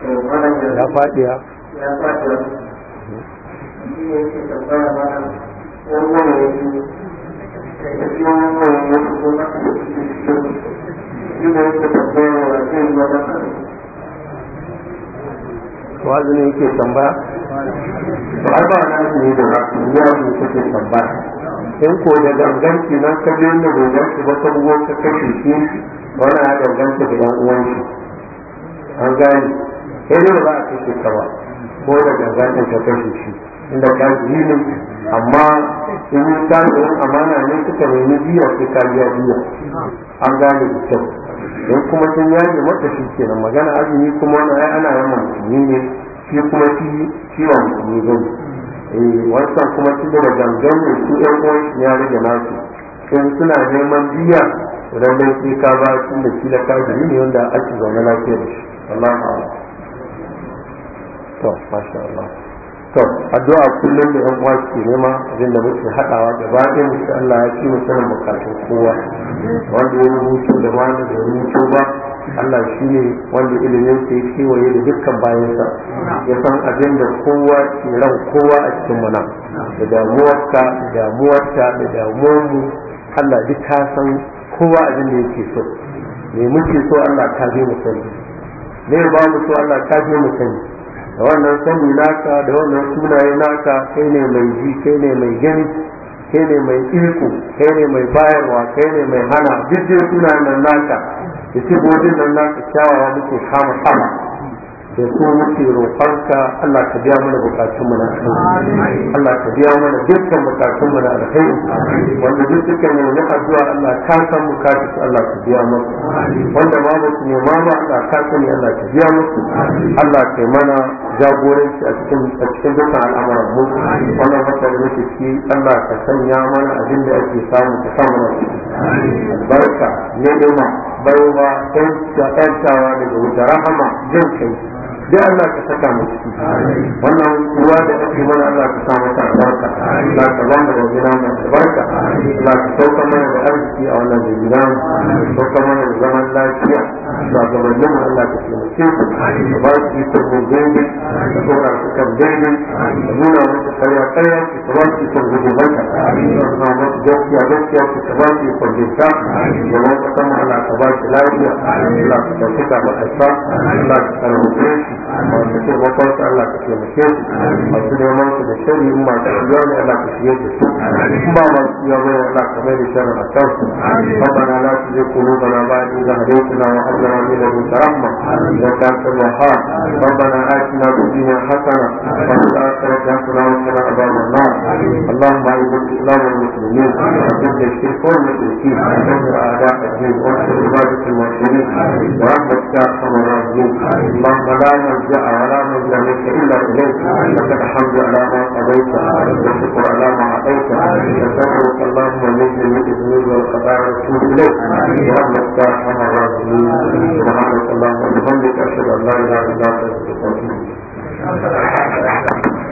ya faɗiya ya faɗiya yake tambaya ba da kuma wannan ne kuma shi tambaya zai yi ba na ne da ya ne tambaya in ko da danganci na ka je na ganganci ba ka bugo ka kashe shi wannan ya ganganci da yan uwan shi an gani sai dai ba a kashe ka ba ko da gangan ka kashe shi inda ka yi ne amma in yi tsarin amana ne suka nemi biya sai ka biya an gane da kuma sun yaje maka shi kenan magana azumi kuma wani ai ana yawan musulmi ne shi kuma shi shi wa musulmi eh, wancan kuma shi daga gangan ne su ɗan uwan shi ya rage nasu suna neman biya idan dai ka ba da shi da ne wanda ake zaune lafiya da shi Allah ma'ala to masha Allah to addu'a kullum da yan uwa ke nema abin da muke hadawa da bayan insha Allah ya ci musamman bukatun kowa wanda ya rubuto da da ya rubuto ba Allah shi ne wanda ilimin sa ya kewaye da dukkan bayansa ya san abin da kowa ke ran kowa a cikin mana da damuwarka da damuwarta da damuwarmu Allah duk ka san kowa abin da yake so me muke so Allah ka je mu sani me ba mu so Allah ka je mu sani da wannan sani naka da wannan sunaye naka kai ne mai ji kai ne mai gani kai ne mai iko kai ne mai bayarwa kai ne mai hana duk dai sunayen nan naka da ce bodin nan naka kyawawa muke kama kama da so muke roƙonka Allah ka biya mana bukatun mu na Allah ka biya mana dukkan bukatun mu na alkhairi wanda duk suka nemi addu'a Allah ka san bukatun su Allah ka biya musu wanda ma ba su nema ma Allah ka ne Allah ka biya musu Allah ka mana jagoranci a cikin a cikin dukkan al'amuran mu wanda haka da muke ci Allah ka sanya mana abin da ake samu ka na mana barka ne ma baiwa ƴan daga wuta rahama jin kai da Allah ka saka mu ciki wannan uwa da ake mana Allah ka sa mata albarka Allah ka ba mu da jira mu albarka Allah ka sauka mana da arziki a wannan jira mu sauka mana da zaman lafiya ba ga wannan Allah ka taimake su ka ba su iko ko gani ka dora su kan gani ka nuna musu karya karya ka ba su iko gudu barka ka ba su gaskiya gaskiya ka ba su iko jinta ya ba ka kama Allah ka ba su lafiya Allah ka sauka ba ka sa Allah ka karɓe shi masu taimakon su Allah ka taimake su masu neman su da shari in masu iya ne Allah ka shige da su in ba masu iya bai Allah ka mai da shari a kan su rabbana la tuzigh qulubana ba'da idh hadaytana wa hab lana min ladunka rahma innaka antal wahhab rabbana atina fid dunya hasana wa fil akhirati hasana wa qina adhaban nar a اعز الاسلام والمسلمين وذل الشرك والمشركين ودمر اعداء الدين وانصر عبادك الموحدين برحمتك يا ارحم الراحمين اللهم لا ملجا ولا ملجا منك الا اليك لك الحمد على ما قضيت والشكر على ما اعطيت نسالك اللهم من جميع الذنوب والقضاء ونتوب اليك يا رب ارحم الراحمين سبحانك اللهم وبحمدك اشهد ان لا اله الا انت استغفرك